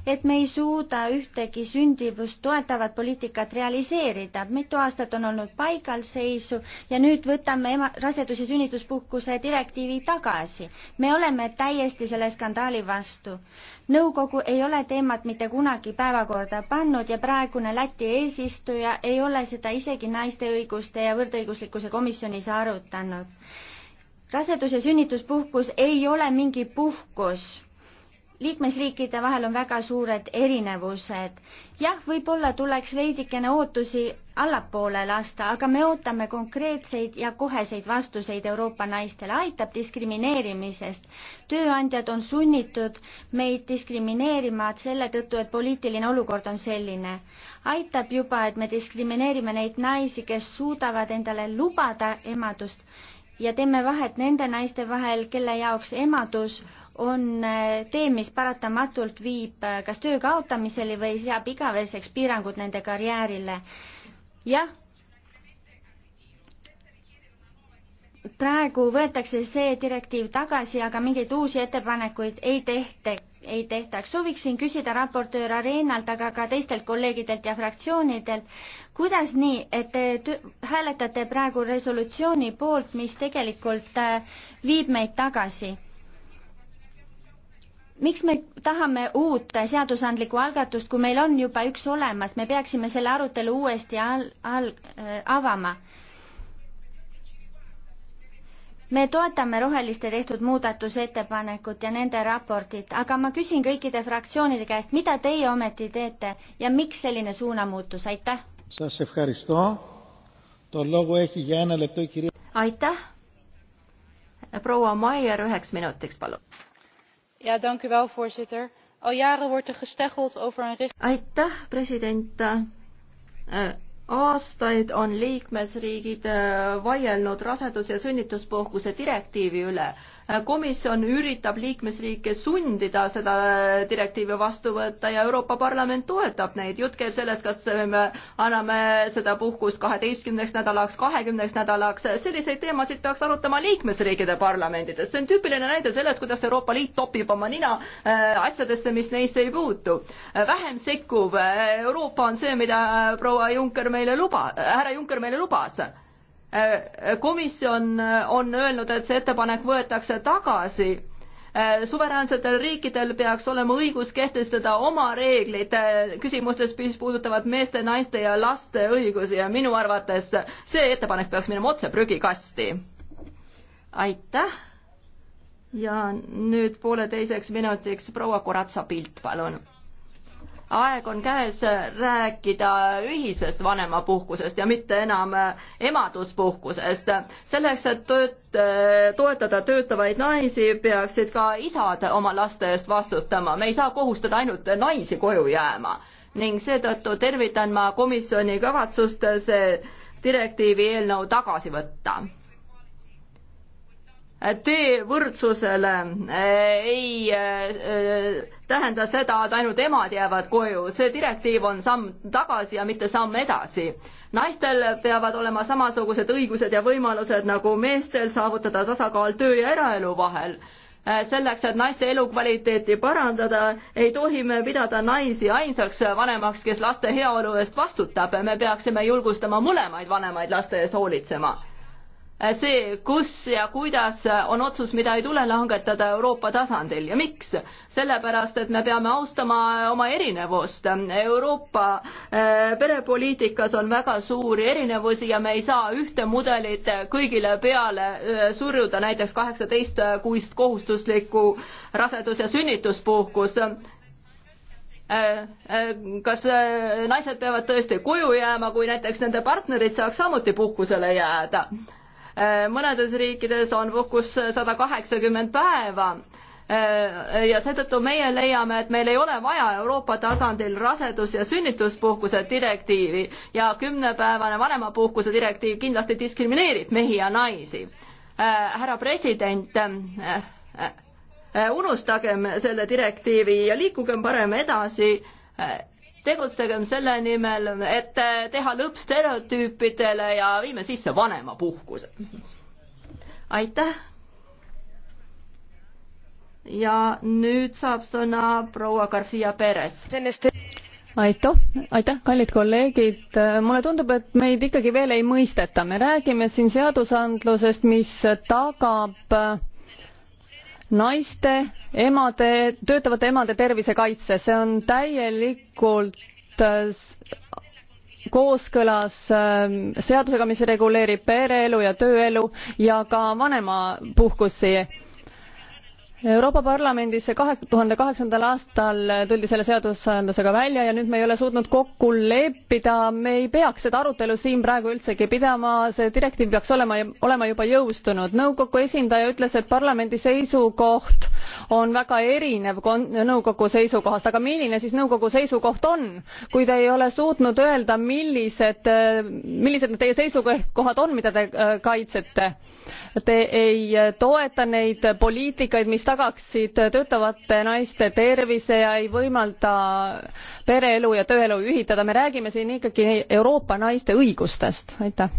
et me ei suuda ühtegi sündivust toetavat poliitikat realiseerida. mitu aastat on olnud paigalseisu ja nüüd võtame ema, rasedus- ja sünnituspuhkuse direktiivi tagasi. me oleme täiesti selle skandaali vastu. nõukogu ei ole teemat mitte kunagi päevakorda pannud ja praegune Läti eesistuja ei ole seda isegi naiste õiguste ja võrdõiguslikkuse komisjonis arutanud. rasedus- ja sünnituspuhkus ei ole mingi puhkus liikmesriikide vahel on väga suured erinevused. jah, võib-olla tuleks veidikene ootusi allapoole lasta, aga me ootame konkreetseid ja koheseid vastuseid Euroopa naistele, aitab diskrimineerimisest. tööandjad on sunnitud meid diskrimineerima selle tõttu, et poliitiline olukord on selline. aitab juba, et me diskrimineerime neid naisi, kes suudavad endale lubada emadust ja teeme vahet nende naiste vahel, kelle jaoks emadus on eh, tee, mis paratamatult viib eh, kas töö kaotamiseni või seab igaveseks piirangud nende karjäärile. jah, praegu võetakse see direktiiv tagasi, aga mingeid uusi ettepanekuid ei tehta, ei tehtaks. sooviksin küsida raportöör Areenalt, aga ka teistelt kolleegidelt ja fraktsioonidelt, kuidas nii, et te hääletate praegu resolutsiooni poolt, mis tegelikult eh, viib meid tagasi? miks me tahame uut seadusandlikku algatust, kui meil on juba üks olemas, me peaksime selle arutelu uuesti al-, al-, äh, avama. me toetame Roheliste tehtud muudatusettepanekut ja nende raportit, aga ma küsin kõikide fraktsioonide käest, mida teie ometi teete ja miks selline suunamuutus, aitäh! aitäh! proua Maier üheks minutiks, palun! voorzitter al jaren wordt er gesteggeld over een richtlijn. aitäh president äh, aastaid on liikmesriigid äh, vaielnud rasedus ja sünnituspuhkuse direktiivi üle komisjon üritab liikmesriike sundida seda direktiivi vastu võtta ja Euroopa Parlament toetab neid. jutt käib sellest, kas me anname seda puhkust kaheteistkümneks nädalaks, kahekümneks nädalaks, selliseid teemasid peaks arutama liikmesriikide parlamendides. see on tüüpiline näide sellest, kuidas Euroopa Liit topib oma nina äh, asjadesse, mis neisse ei puutu. vähem sekkuv äh, Euroopa on see, mida proua Juncker meile luba, härra Juncker meile lubas Äh, komisjon äh, on öelnud, et see ettepanek võetakse tagasi. Äh, suveräänsetel riikidel peaks olema õigus kehtestada oma reeglid küsimustes, mis puudutavad meeste, naiste ja laste õigusi ja minu arvates see ettepanek peaks minema otse prügikasti. aitäh. ja nüüd pooleteiseks minutiks proua Koratsa pilt, palun aeg on käes rääkida ühisest vanemapuhkusest ja mitte enam emaduspuhkusest. selleks, et tööt-, toetada töötavaid naisi, peaksid ka isad oma laste eest vastutama, me ei saa kohustada ainult naisi koju jääma ning seetõttu tervitan ma komisjoni kavatsust see direktiivi eelnõu tagasi võtta tee võrdsusele eh, ei eh, tähenda seda, et ainult emad jäävad koju, see direktiiv on samm tagasi ja mitte samm edasi. naistel peavad olema samasugused õigused ja võimalused nagu meestel saavutada tasakaal töö ja eraelu vahel eh, selleks, et naiste elukvaliteeti parandada, ei tohi me pidada naisi ainsaks vanemaks, kes laste heaolu eest vastutab, me peaksime julgustama mõlemaid vanemaid laste eest hoolitsema Äh, see, kus ja kuidas äh, on otsus, mida ei tule langetada Euroopa tasandil ja miks? sellepärast, et me peame austama äh, oma erinevust. Euroopa perepoliitikas on väga suuri erinevusi ja me ei saa ühte mudelit kõigile peale surjuda, näiteks kaheksateist kuist kohustuslikku rasedus- ja sünnituspuhkus kas naised peavad tõesti koju jääma, kui näiteks nende partnerid saaks samuti puhkusele jääda? Äh, mõnedes riikides on puhkus sada kaheksakümmend päeva äh, ja seetõttu meie leiame, et meil ei ole vaja Euroopa tasandil rasedus- ja sünnituspuhkuse direktiivi ja kümnepäevane vanemapuhkuse direktiiv kindlasti diskrimineerib mehi ja naisi. Äh, härra president, unustagem selle direktiivi ja liikugem parem edasi tegutsegem selle nimel, et eh, teha lõpp stereotüüpidele ja viime sisse vanemapuhkuse. aitäh. ja nüüd saab sõna proua Garcia Perez aitäh, aitäh, kallid kolleegid, mulle tundub, et meid ikkagi veel ei mõisteta, me räägime siin seadusandlusest, mis tagab naiste, emade, töötavate emade tervisekaitse, see on täielikult äh, kooskõlas äh, seadusega mis reguleerib pereelu ja tööelu ja ka vanemapuhkusi euroopa parlamendis kahe tuhande kaheksandal aastal tuldi selle seadusandlusega välja ja nüüd me ei ole suutnud kokku leppida me ei peaks seda arutelu siin praegu üldsegi pidama see direktiiv peaks olema olema juba jõustunud nõukogu esindaja ütles et parlamendi seisukoht on väga erinev nõukogu seisukohast aga milline siis nõukogu seisukoht on kui te ei ole suutnud öelda millised millised teie seisukohad on mida te äh, kaitsete te ei toeta neid poliitikaid mis tagaksid töötavate naiste tervise ja ei võimalda pereelu ja tööelu ühitada. me räägime siin ikkagi Euroopa naiste õigustest. aitäh.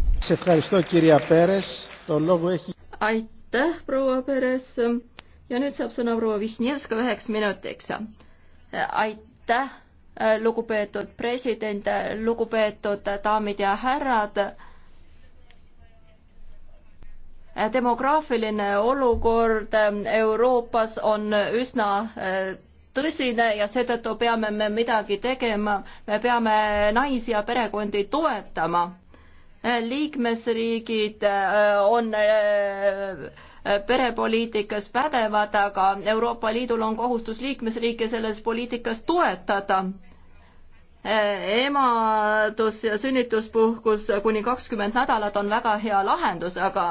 aitäh, proua Peres. ja nüüd saab sõna proua Višnjevska üheks minutiks. aitäh, lugupeetud president, lugupeetud daamid ja härrad demograafiline olukord ähm, Euroopas on üsna äh, tõsine ja seetõttu peame me midagi tegema, me peame naisi ja perekondi toetama. Äh, liikmesriigid äh, on perepoliitikas pädevad, aga Euroopa Liidul on kohustus liikmesriike selles poliitikas toetada emadus ja sünnituspuhkus kuni kakskümmend nädalat on väga hea lahendus, aga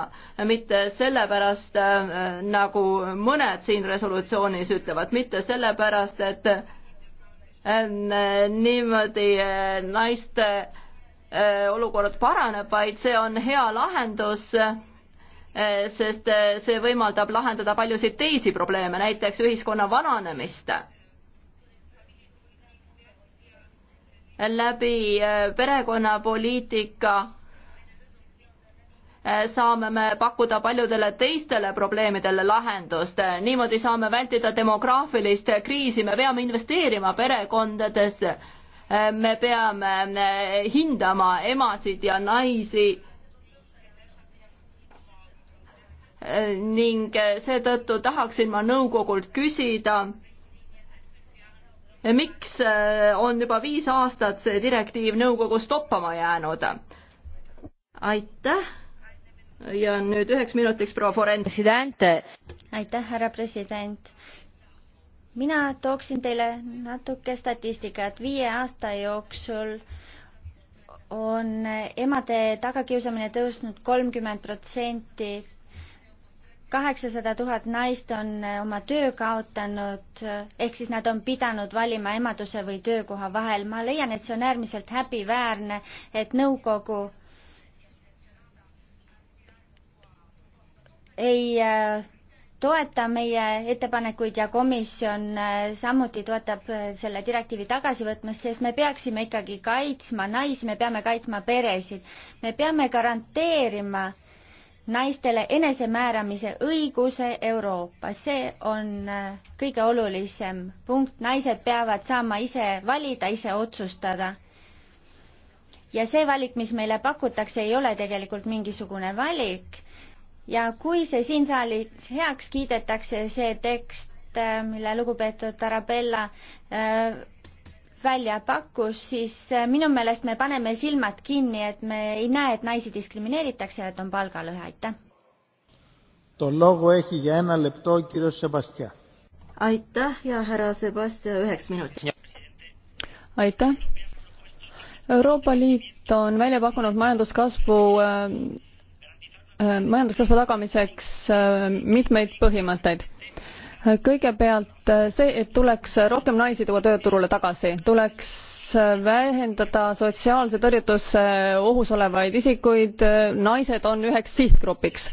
mitte sellepärast, äh, nagu mõned siin resolutsioonis ütlevad, mitte sellepärast, et äh, niimoodi äh, naiste olukord paraneb, vaid see on hea lahendus sest see võimaldab lahendada paljusid teisi probleeme, näiteks ühiskonna vananemist. läbi äh, perekonnapoliitika äh, saame me pakkuda paljudele teistele probleemidele lahendust. Äh, niimoodi saame vältida demograafilist kriisi, me peame investeerima perekondadesse, me peame hindama emasid ja naisi ning seetõttu tahaksin ma nõukogult küsida, miks äh, on juba viis aastat see direktiiv nõukogus toppama jäänud? aitäh ja nüüd üheks minutiks proua Forent. aitäh, härra president. mina tooksin teile natuke statistikat. viie aasta jooksul on emade tagakiusamine tõusnud kolmkümmend protsenti kaheksasada tuhat naist on eh, oma töö kaotanud, ehk siis nad on pidanud valima emaduse või töökoha vahel. ma leian, et see on äärmiselt häbiväärne, et nõukogu ei eh, toeta meie ettepanekuid ja komisjon eh, samuti toetab selle direktiivi tagasivõtmist, sest me peaksime ikkagi kaitsma naisi, me peame kaitsma peresid, me peame garanteerima naistele enesemääramise õiguse Euroopas, see on äh, kõige olulisem punkt, naised peavad saama ise valida, ise otsustada. ja see valik, mis meile pakutakse, ei ole tegelikult mingisugune valik ja kui see siin saalis heaks kiidetakse, see tekst, äh, mille lugupeetud Arabella äh, välja pakkus, siis äh, minu meelest me paneme silmad kinni, et me ei näe, et naisi diskrimineeritakse ja et on palgalõhe, aitäh. aitäh ja härra Sebastian, üheks minutiks. aitäh. Euroopa Liit on välja pakkunud majanduskasvu äh, äh, majanduskasvu tagamiseks mitmeid põhimõtteid kõigepealt eh, see, et tuleks rohkem naisi tuua tööturule tagasi, tuleks eh, vähendada sotsiaalse tõrjutuse ohus olevaid isikuid, naised on üheks sihtgrupiks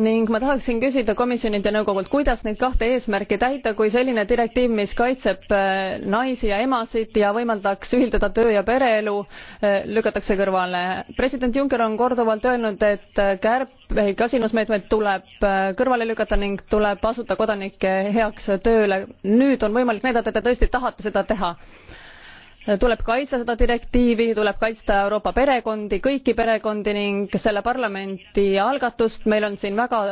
ning ma tahaksin küsida komisjonilt ja nõukogult, kuidas neid kahte eesmärki täita, kui selline direktiiv, mis kaitseb äh, naisi ja emasid ja võimaldaks ühildada töö ja pereelu, äh, lükatakse kõrvale. president Juncker on korduvalt öelnud, et äh, kärpeid, kasinusmeetmed tuleb kõrvale lükata ning tuleb asuda kodanike heaks tööle. nüüd on võimalik näidata, et te tõesti tahate seda teha tuleb kaitsta seda direktiivi tuleb kaitsta euroopa perekondi kõiki perekondi ning selle parlamendi algatust meil on siin väga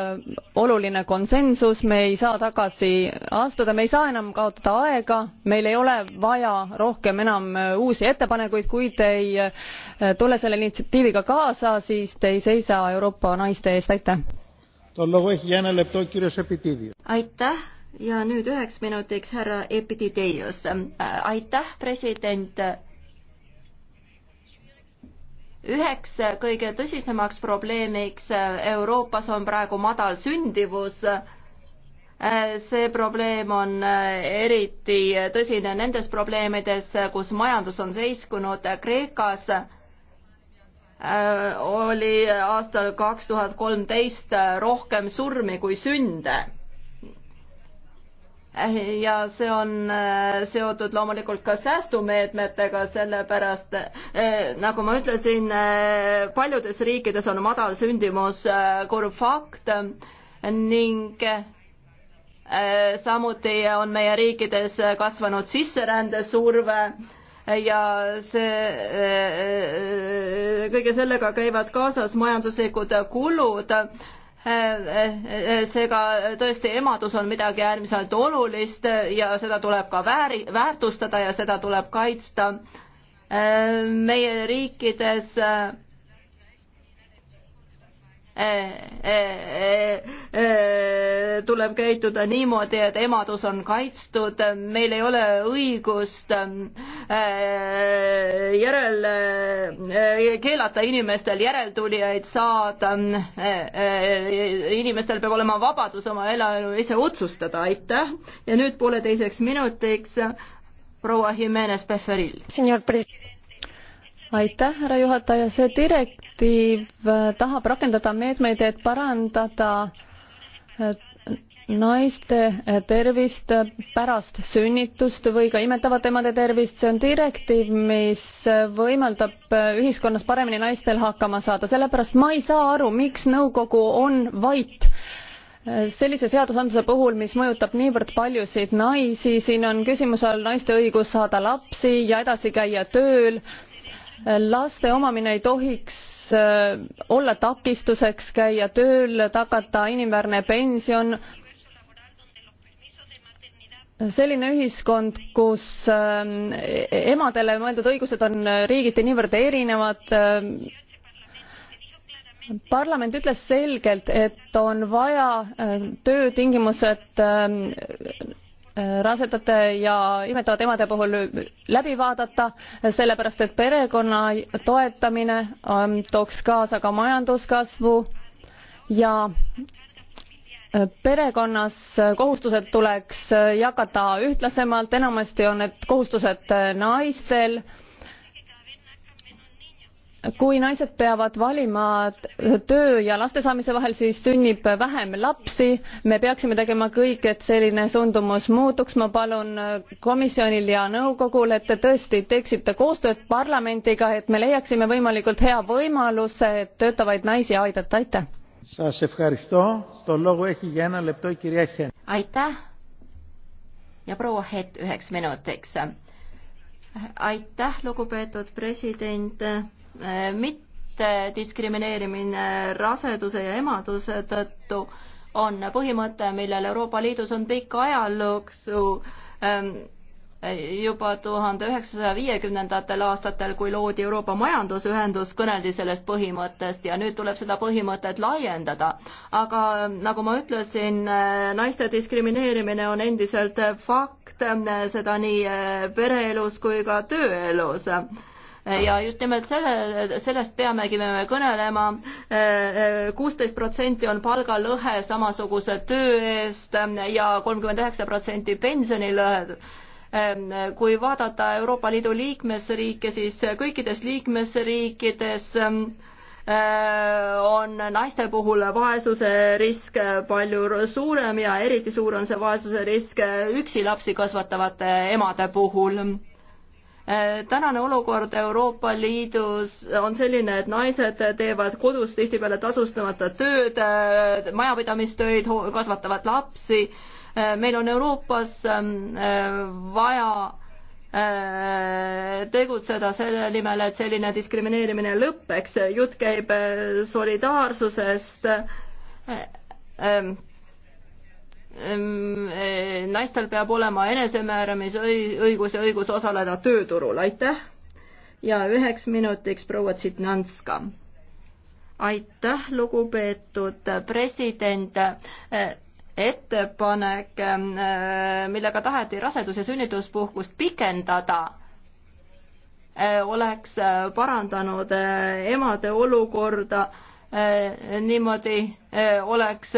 oluline konsensus me ei saa tagasi astuda me ei saa enam kaotada aega meil ei ole vaja rohkem enam uusi ettepanekuid kui te ei eh, tule selle initsiatiiviga kaasa siis te ei seisa euroopa naiste eest aitäh aitäh ja nüüd üheks minutiks härra Epidideios. aitäh, president. üheks kõige tõsisemaks probleemiks Euroopas on praegu madal sündivus see probleem on eriti tõsine nendes probleemides, kus majandus on seiskunud. Kreekas oli aastal kaks tuhat kolmteist rohkem surmi kui sünde ja see on äh, seotud loomulikult ka säästumeetmetega, sellepärast äh, nagu ma ütlesin, äh, paljudes riikides on madal sündimus kurb fakt ning samuti on meie riikides kasvanud sisserändesurve ja see, kõige sellega käivad kaasas majanduslikud kulud Äh, äh, äh, seega tõesti emadus on midagi äärmiselt olulist ja seda tuleb ka vääri, väärtustada ja seda tuleb kaitsta. meie riikides tuleb käituda niimoodi, et emadus on kaitstud, meil ei ole õigust äh, järel, äh, keelata inimestel järeltulijaid saada. Äh, inimestel peab olema vabadus oma elu ise otsustada, aitäh. ja nüüd pooleteiseks minutiks proua Jimenez Beferil aitäh, härra juhataja, see direktiiv äh, tahab rakendada meetmeid, et parandada äh, naiste äh, tervist pärast sünnitust või ka imetavate emade tervist, see on direktiiv, mis võimaldab ühiskonnas paremini naistel hakkama saada, sellepärast ma ei saa aru, miks nõukogu on vait sellise seadusandluse puhul, mis mõjutab niivõrd paljusid naisi, siin on küsimuse all naiste õigus saada lapsi ja edasi käia tööl laste omamine ei tohiks äh, olla takistuseks käia tööl, tagada inimväärne pension. selline ühiskond, kus äh, emadele mõeldud õigused on riigiti niivõrd erinevad, äh, parlament ütles selgelt, et on vaja töötingimused Äh, rasedate ja imetavate emade puhul läbi vaadata, äh, sellepärast et perekonna toetamine ähm, tooks kaasa ka majanduskasvu ja äh, perekonnas kohustused tuleks jagada ühtlasemalt, enamasti on need kohustused naistel kui naised peavad valima töö ja laste saamise vahel, siis sünnib vähem lapsi. me peaksime tegema kõik, et selline suundumus muutuks. ma palun komisjonil ja nõukogul, et te tõesti teeksite koostööd parlamendiga, et me leiaksime võimalikult hea võimaluse töötavaid naisi aidata. aitäh. aitäh. ja proua Hett üheks minutiks. aitäh, lugupeetud president mittediskrimineerimine raseduse ja emaduse tõttu on põhimõte, millel Euroopa Liidus on pikk ajalugu ähm, juba tuhande üheksasaja viiekümnendatel aastatel, kui loodi Euroopa Majandusühendus, kõneldi sellest põhimõttest ja nüüd tuleb seda põhimõtet laiendada. aga ähm, nagu ma ütlesin, äh, naiste diskrimineerimine on endiselt fakt, äh, seda nii äh, pereelus kui ka tööelus ja just nimelt selle, sellest peamegi me kõnelema. kuusteist protsenti on palgalõhe samasuguse töö eest ja kolmkümmend üheksa protsenti pensionilõhe kui vaadata Euroopa Liidu liikmesriike, siis kõikides liikmesriikides eh, on naiste puhul vaesuse risk palju suurem ja eriti suur on see vaesuse risk üksi lapsi kasvatavate emade puhul Äh, tänane olukord Euroopa Liidus on selline, et naised teevad kodus tihtipeale tasustamata tööd, äh, majapidamistöid, kasvatavad lapsi. Äh, meil on Euroopas ähm, vaja tegutseda selle nimel, et selline diskrimineerimine lõpeks. jutt käib solidaarsusest ähm, Ehm, eh, naistel peab olema enesemääramisõigus ja õigus osaleda tööturul, aitäh. ja üheks minutiks proua Tsitnanska. aitäh, lugupeetud president eh, ettepanek, ehm, eh, millega taheti rasedus- ja sünnituspuhkust pikendada, oleks parandanud emade olukorda, niimoodi oleks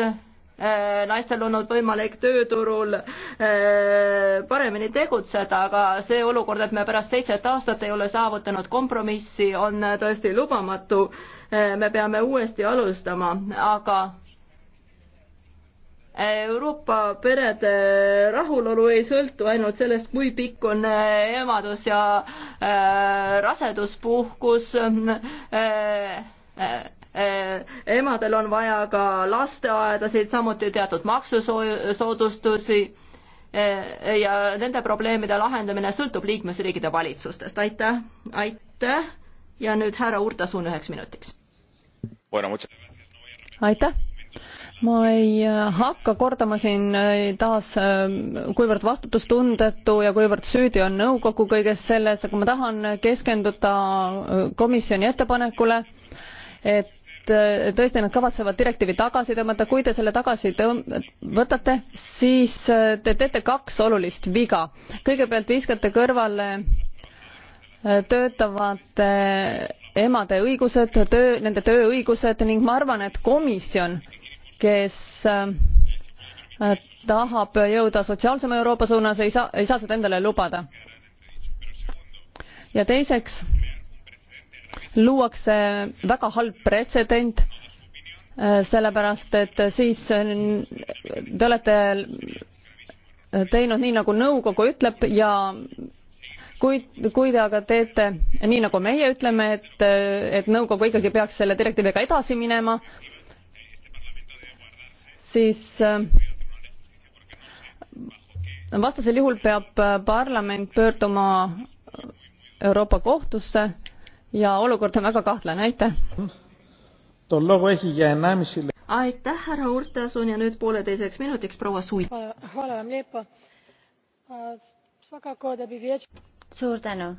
Äh, naistel olnud võimalik tööturul äh, paremini tegutseda, aga see olukord, et me pärast seitset aastat ei ole saavutanud kompromissi, on tõesti lubamatu. Äh, me peame uuesti alustama, aga Euroopa perede rahulolu ei sõltu ainult sellest, kui pikk on emadus ja raseduspuhkus Äh, emadel on vaja ka lasteaedasid, samuti teatud maksusoodustusi äh, ja nende probleemide lahendamine sõltub liikmesriikide valitsustest, aitäh, aitäh ja nüüd härra Urtasun üheks minutiks. aitäh ma ei äh, hakka kordama siin taas, kuivõrd vastutustundetu ja kuivõrd süüdi on nõukogu kõiges selles, aga ma tahan keskenduda komisjoni ettepanekule, et Äh, tõesti nad kavatsevad direktiivi tagasi tõmmata, kui te selle tagasi tõmb-, võtate, siis äh, te teete kaks olulist viga. kõigepealt viskate kõrvale äh, töötavate emade õigused, töö, nende tööõigused ning ma arvan, et komisjon, kes tahab jõuda sotsiaalsema Euroopa suunas, ei saa, ei saa seda endale lubada. ja teiseks luuakse väga halb pretsedent, äh, sellepärast et siis äh, te olete teinud nii, nagu nõukogu ütleb ja kui, kui te aga teete nii, nagu meie ütleme, et, äh, et nõukogu ikkagi peaks selle direktiiviga edasi minema, siis vastasel juhul peab parlament pöörduma Euroopa Kohtusse ja olukord on väga kahtlane, aitäh. aitäh, härra Urtasun ja nüüd pooleteiseks minutiks proua Suit. suur tänu.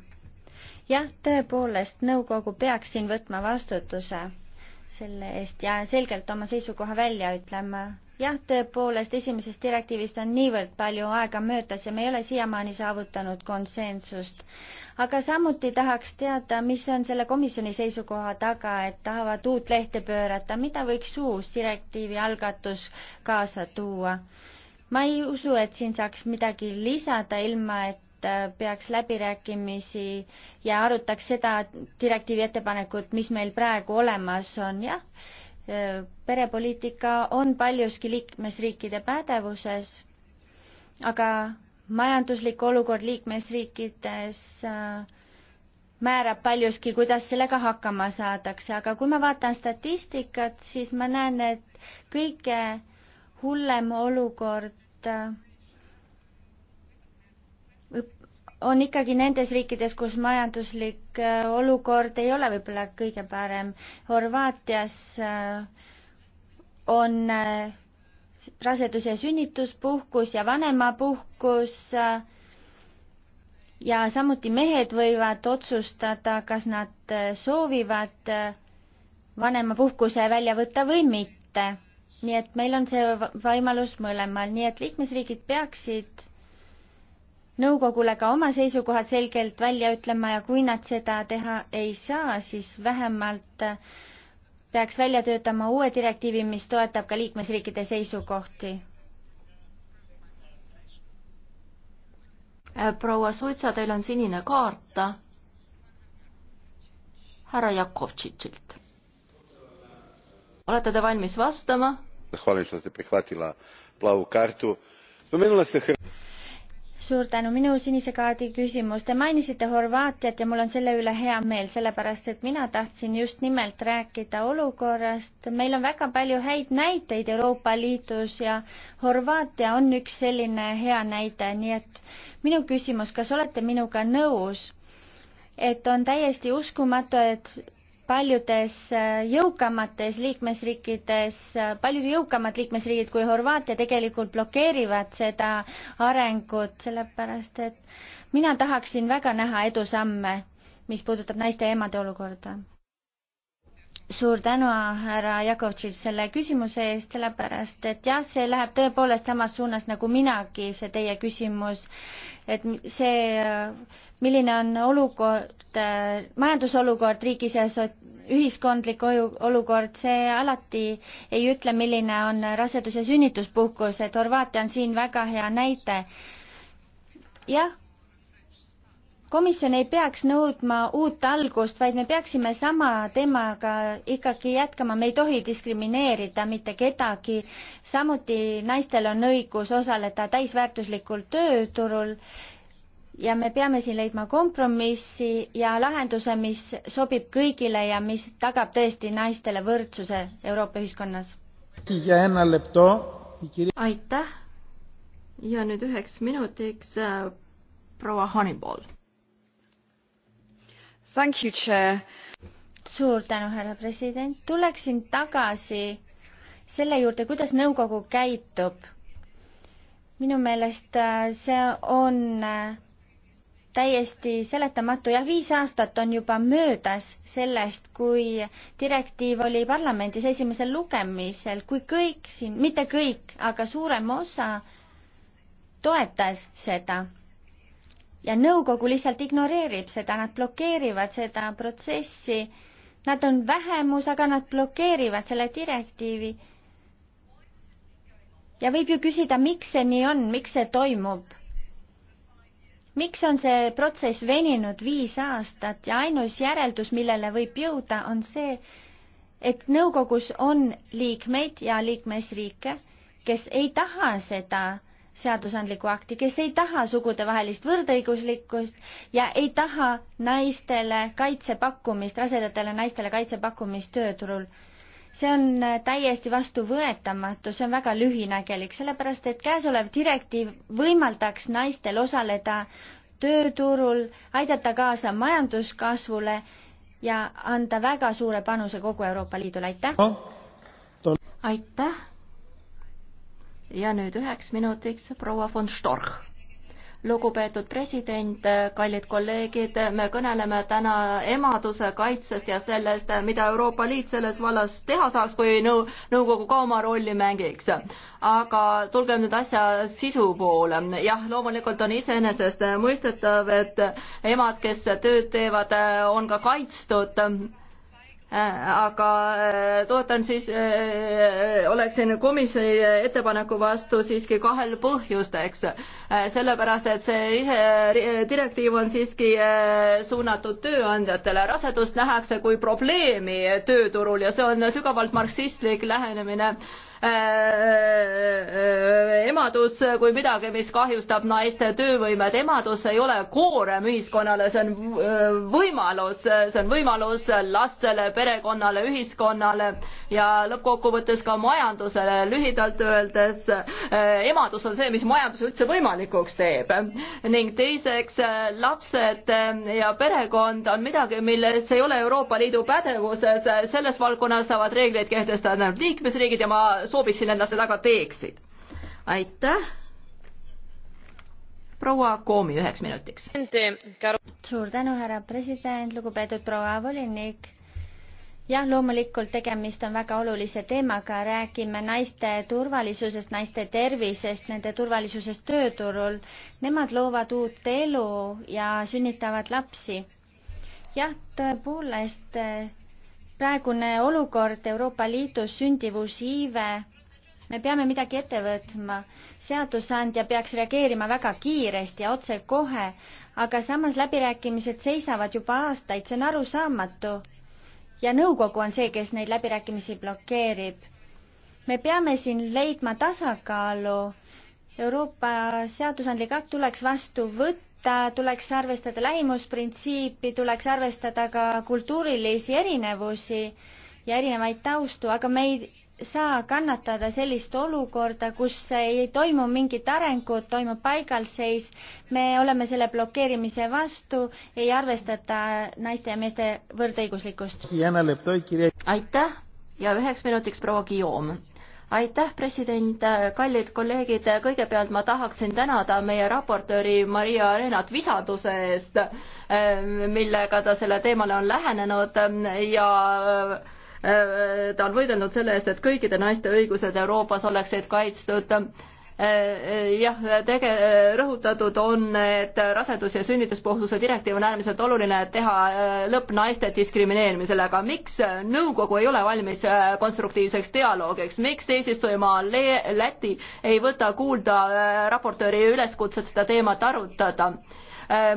jah, tõepoolest, nõukogu peaks siin võtma vastutuse selle eest ja selgelt oma seisukoha välja ütlema jah, tõepoolest, esimesest direktiivist on niivõrd palju aega möödas ja me ei ole siiamaani saavutanud konsensust. aga samuti tahaks teada, mis on selle komisjoni seisukoha taga, et tahavad uut lehte pöörata, mida võiks uus direktiivi algatus kaasa tuua? ma ei usu, et siin saaks midagi lisada, ilma et äh, peaks läbirääkimisi ja arutaks seda direktiivi ettepanekut, mis meil praegu olemas on, jah perepoliitika on paljuski liikmesriikide pädevuses, aga majanduslik olukord liikmesriikides määrab paljuski, kuidas sellega hakkama saadakse, aga kui ma vaatan statistikat, siis ma näen, et kõige hullem olukord on ikkagi nendes riikides, kus majanduslik äh, olukord ei ole võib-olla kõige parem. Horvaatias äh, on äh, rasedus- ja sünnituspuhkus ja vanemapuhkus ja samuti mehed võivad otsustada, kas nad soovivad vanemapuhkuse välja võtta või mitte. nii et meil on see võimalus mõlemal, nii et liikmesriigid peaksid nõukogule ka oma seisukohad selgelt välja ütlema ja kui nad seda teha ei saa, siis vähemalt äh, peaks välja töötama uue direktiivi, mis toetab ka liikmesriikide seisukohti. Äh, proua Suitsa, teil on sinine kaart härra Jakovtšitšilt. olete te valmis vastama? suur tänu, minu sinise kaardi küsimus, te mainisite Horvaatiat ja mul on selle üle hea meel, sellepärast et mina tahtsin just nimelt rääkida olukorrast, meil on väga palju häid näiteid Euroopa Liidus ja Horvaatia on üks selline hea näide, nii et minu küsimus, kas olete minuga nõus, et on täiesti uskumatu, et paljudes äh, jõukamates liikmesriikides, äh, paljud jõukamad liikmesriigid kui Horvaatia tegelikult blokeerivad seda arengut, sellepärast et mina tahaksin väga näha edusamme, mis puudutab naiste ja emade olukorda suur tänu, härra Jakovtšis, selle küsimuse eest, sellepärast et jah, see läheb tõepoolest samas suunas nagu minagi, see teie küsimus, et see, milline on olukord, majandusolukord riigis ja ühiskondlik olukord, see alati ei ütle, milline on rasedus- ja sünnituspuhkus, et Horvaatia on siin väga hea näide. jah komisjon ei peaks nõudma uut algust, vaid me peaksime sama teemaga ikkagi jätkama, me ei tohi diskrimineerida mitte kedagi. samuti naistel on õigus osaleda täisväärtuslikul tööturul ja me peame siin leidma kompromissi ja lahenduse, mis sobib kõigile ja mis tagab tõesti naistele võrdsuse Euroopa ühiskonnas. aitäh ja nüüd üheks minutiks äh, proua Hannibal suur tänu, härra president. tuleksin tagasi selle juurde, kuidas nõukogu käitub. minu meelest äh, see on äh, täiesti seletamatu, jah, viis aastat on juba möödas sellest, kui direktiiv oli parlamendis esimesel lugemisel, kui kõik siin, mitte kõik, aga suurem osa toetas seda ja nõukogu lihtsalt ignoreerib seda, nad blokeerivad seda protsessi. Nad on vähemus, aga nad blokeerivad selle direktiivi. ja võib ju küsida, miks see nii on, miks see toimub? miks on see protsess veninud viis aastat ja ainus järeldus, millele võib jõuda, on see, et nõukogus on liikmeid ja liikmesriike, kes ei taha seda seadusandlikku akti, kes ei taha sugudevahelist võrdõiguslikkust ja ei taha naistele kaitse pakkumist, rasedatele naistele kaitse pakkumist tööturul. see on äh, täiesti vastuvõetamatu, see on väga lühinägelik, sellepärast et käesolev direktiiv võimaldaks naistel osaleda tööturul, aidata kaasa majanduskasvule ja anda väga suure panuse kogu Euroopa Liidule, aitäh! aitäh! ja nüüd üheks minutiks proua von Storch. lugupeetud president, kallid kolleegid, me kõneleme täna emaduse kaitsest ja sellest, mida Euroopa Liit selles vallas teha saaks, kui nõu-, nõukogu ka oma rolli mängiks aga tulgem nüüd asja sisu poole. jah, loomulikult on iseenesestmõistetav, et emad, kes tööd teevad, on ka kaitstud Äh, aga äh, toetan siis, äh, oleksin komisjoni ettepaneku vastu siiski kahel põhjusteks. sellepärast, et see ise direktiiv on siiski suunatud tööandjatele, rasedust nähakse kui probleemi tööturul ja see on sügavalt marksistlik lähenemine Äh, äh, äh, emadus kui midagi, mis kahjustab naiste töövõimet. emadus ei ole koorem ühiskonnale, see on võimalus, see on võimalus lastele, perekonnale, ühiskonnale ja lõppkokkuvõttes ka majandusele. lühidalt öeldes emadus on see, mis majanduse üldse võimalikuks teeb. ning teiseks, lapsed ja perekond on midagi, milles ei ole Euroopa Liidu pädevuses, selles valdkonnas saavad reegleid kehtestada liikmesriigid ja ma sooviksin, et nad seda ka teeksid. aitäh. proua Koomi üheks minutiks. suur tänu, härra president, lugupeetud proua volinik jah, loomulikult tegemist on väga olulise teemaga, räägime naiste turvalisusest, naiste tervisest, nende turvalisusest tööturul. Nemad loovad uut elu ja sünnitavad lapsi. jah, tõepoolest praegune olukord Euroopa Liidus, sündivusiive, me peame midagi ette võtma. seadusandja peaks reageerima väga kiiresti ja otsekohe, aga samas läbirääkimised seisavad juba aastaid, see on arusaamatu. ja nõukogu on see, kes neid läbirääkimisi blokeerib. me peame siin leidma tasakaalu. Euroopa seadusandlik akt tuleks vastu võtta tuleks arvestada lähimusprintsiipi, tuleks arvestada ka kultuurilisi erinevusi ja erinevaid taustu, aga me ei saa kannatada sellist olukorda, kus ei toimu mingit arengut, toimub paigalseis, me oleme selle blokeerimise vastu, ei arvestata naiste ja meeste võrdõiguslikkust. aitäh ja üheks minutiks proua Guillaume aitäh, president, kallid kolleegid, kõigepealt ma tahaksin tänada meie raportööri Maria Renat visaduse eest, millega ta selle teemale on lähenenud ja äh, ta on võidelnud selle eest, et kõikide naiste õigused Euroopas oleksid kaitstud Äh, jah, tege-, rõhutatud on, et rasedus- ja sünnituspuhkuse direktiiv on äärmiselt oluline, et teha äh, lõpp naiste diskrimineerimisele, aga miks nõukogu ei ole valmis äh, konstruktiivseks dialoogiks, miks eesistujamaa Le-, Läti ei võta kuulda raportööri üleskutset seda teemat arutada?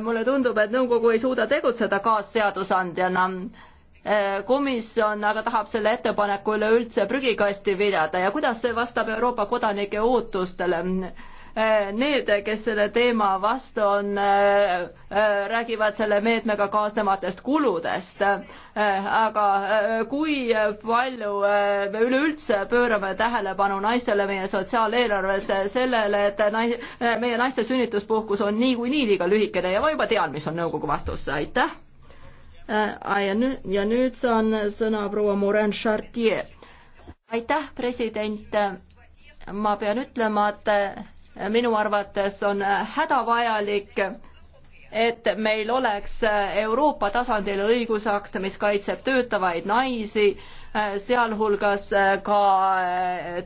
mulle tundub, et nõukogu ei suuda tegutseda kaasseadusandjana Äh, komisjon aga tahab selle ettepaneku üleüldse prügikasti vedada ja kuidas see vastab Euroopa kodanike ootustele? Äh, need, kes selle teema vastu on, äh, räägivad selle meetmega kaasnevatest kuludest. aga kui palju me üleüldse pöörame tähelepanu naistele meie sotsiaaleelarves sellele, et nai-, meie naiste sünnituspuhkus on niikuinii liiga lühikene ja ma juba tean, mis on nõukogu vastus, aitäh Äh, ja nüüd saan sõna proua Morin Chartier. aitäh, president. ma pean ütlema, et äh, minu arvates on äh, hädavajalik, et meil oleks Euroopa tasandil õigusakt, mis kaitseb töötavaid naisi, sealhulgas ka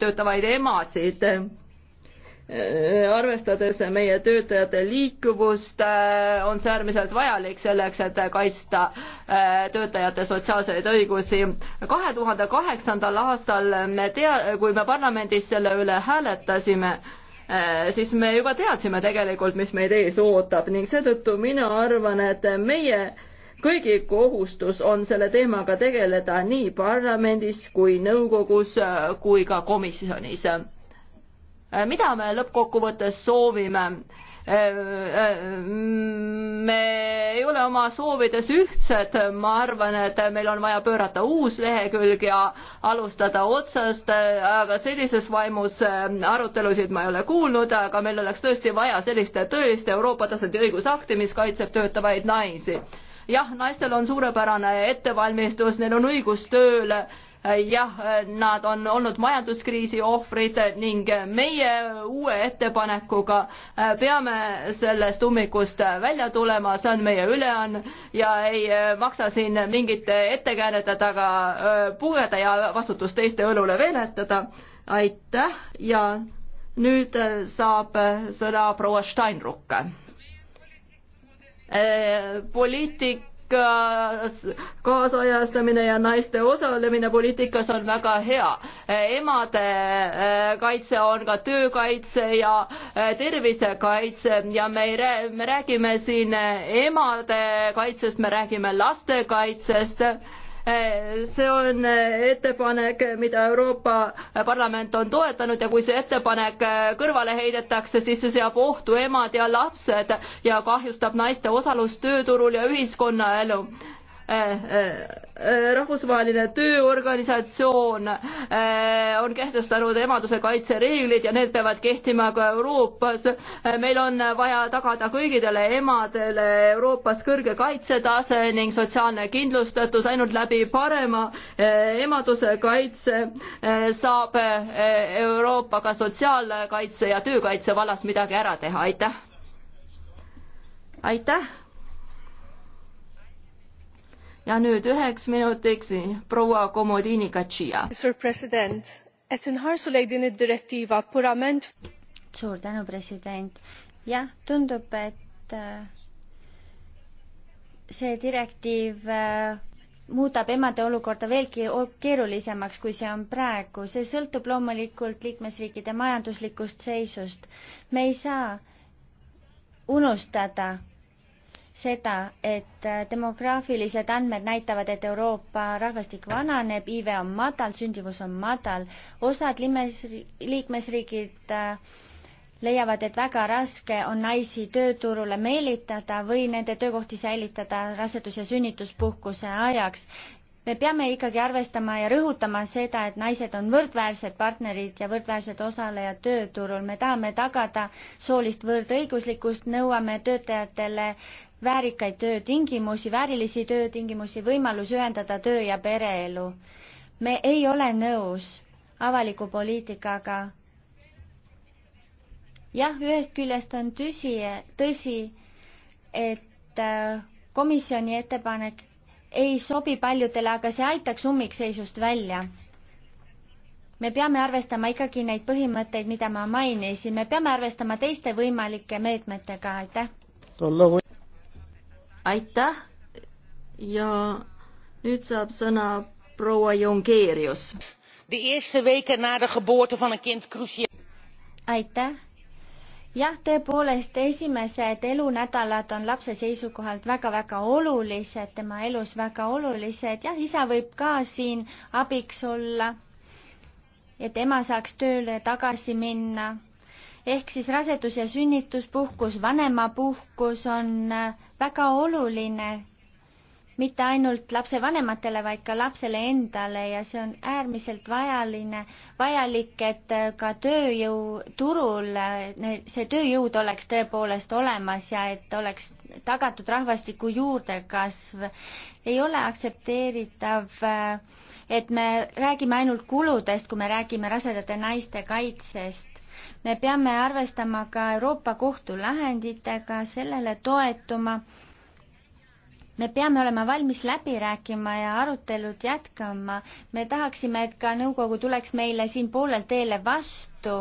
töötavaid emasid arvestades meie töötajate liikuvust, äh, on see äärmiselt vajalik selleks, et kaitsta äh, töötajate sotsiaalseid õigusi. kahe tuhande kaheksandal aastal me tea-, kui me parlamendis selle üle hääletasime, äh, siis me juba teadsime tegelikult, mis meid ees ootab ning seetõttu mina arvan, et meie kõigi kohustus on selle teemaga tegeleda nii parlamendis kui nõukogus kui ka komisjonis Äh, mida me lõppkokkuvõttes soovime? Äh, äh, mm, me ei ole oma soovides ühtsed, ma arvan, et meil on vaja pöörata uus lehekülg ja alustada otsast, aga sellises vaimus arutelusid ma ei ole kuulnud, aga meil oleks tõesti vaja sellist tõelist Euroopa tasandi õigusakti, mis kaitseb töötavaid naisi. jah, naistel on suurepärane ettevalmistus, neil on õigus tööle jah, nad on olnud majanduskriisi ohvrid ning meie uue ettepanekuga peame sellest ummikust välja tulema, see on meie üleanne ja ei maksa siin mingite ettekäänete taga äh, pugeda ja vastutust teiste õlule veeletada. aitäh ja nüüd äh, saab äh, sõna proua Steinruck poliitik kaasajastamine ja naiste osalemine poliitikas on väga hea. emade äh, kaitse on ka töökaitse ja äh, tervisekaitse ja me ei rää-, me räägime siin äh, emade kaitsest, me räägime laste kaitsest Eh, see on eh, ettepanek, mida Euroopa Parlament on toetanud ja kui see ettepanek eh, kõrvale heidetakse, siis see seab ohtu emad ja lapsed ja kahjustab naiste osalust tööturul ja ühiskonnaelu rahvusvaheline tööorganisatsioon eh, on kehtestanud emaduse kaitse reeglid ja need peavad kehtima ka Euroopas. Eh, meil on vaja tagada kõigidele emadele Euroopas kõrge kaitsetase ning sotsiaalne kindlustatus. ainult läbi parema eh, emaduse kaitse saab Euroopa ka sotsiaalkaitse ja töökaitse vallas midagi ära teha. aitäh! aitäh! ja nüüd üheks minutiks proua Komodini Katšia. suur tänu, president. jah, tundub, et äh, see direktiiv äh, muudab emade olukorda veelgi keerulisemaks, kui see on praegu. see sõltub loomulikult liikmesriikide majanduslikust seisust. me ei saa unustada seda, et äh, demograafilised andmed näitavad, et Euroopa rahvastik vananeb, iive on madal, sündimus on madal, osad limes-, liikmesriigid äh, leiavad, et väga raske on naisi tööturule meelitada või nende töökohti säilitada rasedus- ja sünnituspuhkuse ajaks me peame ikkagi arvestama ja rõhutama seda, et naised on võrdväärsed partnerid ja võrdväärsed osalejad tööturul. me tahame tagada soolist võrdõiguslikkust, nõuame töötajatele väärikaid töötingimusi, väärilisi töötingimusi, võimalus ühendada töö ja pereelu. me ei ole nõus avaliku poliitikaga. jah, ühest küljest on tüsi, tõsi, et äh, komisjoni ettepanek ei sobi paljudele, aga see aitaks ummikseisust välja me peame arvestama ikkagi neid põhimõtteid, mida ma mainisin, me peame arvestama teiste võimalike meetmetega, aitäh aitäh ja nüüd saab sõna proua Jongeerius. aitäh. jah, tõepoolest, esimesed elunädalad on lapse seisukohalt väga-väga olulised, tema elus väga olulised, jah, isa võib ka siin abiks olla, et ema saaks tööle tagasi minna ehk siis rasedus- ja sünnituspuhkus, vanemapuhkus on äh, väga oluline mitte ainult lapsevanematele, vaid ka lapsele endale ja see on äärmiselt vajaline, vajalik, et äh, ka tööjõuturul äh, see tööjõud oleks tõepoolest olemas ja et oleks tagatud rahvastiku juurdekasv. ei ole aktsepteeritav, et me räägime ainult kuludest, kui me räägime rasedate naiste kaitsest me peame arvestama ka Euroopa Kohtu lahenditega, sellele toetuma. me peame olema valmis läbi rääkima ja arutelud jätkama. me tahaksime, et ka nõukogu tuleks meile siin poolel teele vastu.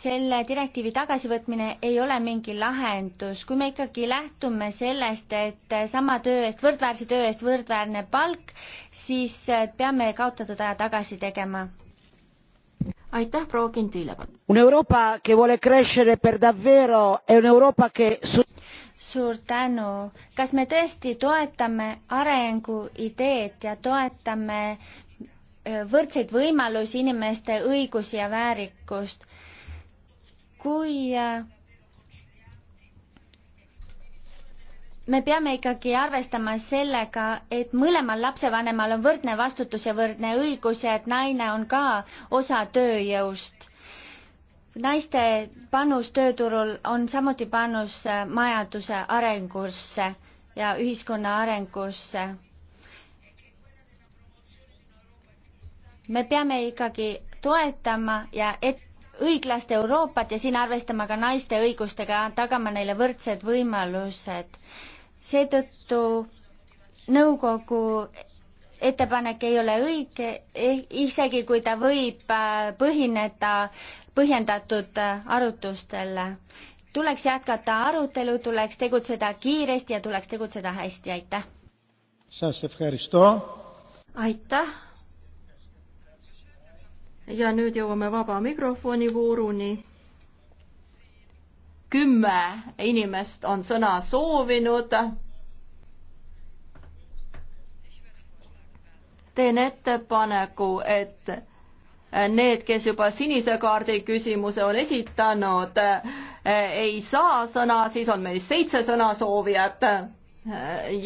selle direktiivi tagasivõtmine ei ole mingi lahendus, kui me ikkagi lähtume sellest, et sama töö eest, võrdväärse töö eest võrdväärne palk, siis peame kaotatud aja tagasi tegema aitäh, proua Gentile. Un'Europa che vuole crescere per davvero è un'Europa che suur tänu. kas me tõesti toetame arenguideed ja toetame eh, võrdseid võimalusi, inimeste õigusi ja väärikust? kui eh, me peame ikkagi arvestama sellega, et mõlemal lapsevanemal on võrdne vastutus ja võrdne õigus ja et naine on ka osa tööjõust. naiste panus tööturul on samuti panus majanduse arengusse ja ühiskonna arengusse. me peame ikkagi toetama ja et õiglast Euroopat ja siin arvestama ka naiste õigustega, tagama neile võrdsed võimalused seetõttu nõukogu ettepanek ei ole õige, eh, isegi kui ta võib äh, põhineda põhjendatud äh, arutustele. tuleks jätkata arutelu, tuleks tegutseda kiiresti ja tuleks tegutseda hästi, aitäh. aitäh. ja nüüd jõuame vaba mikrofoni vooruni kümme inimest on sõna soovinud. teen ettepaneku, et need, kes juba sinise kaardi küsimuse on esitanud, ei saa sõna, siis on meil seitse sõnasoovijat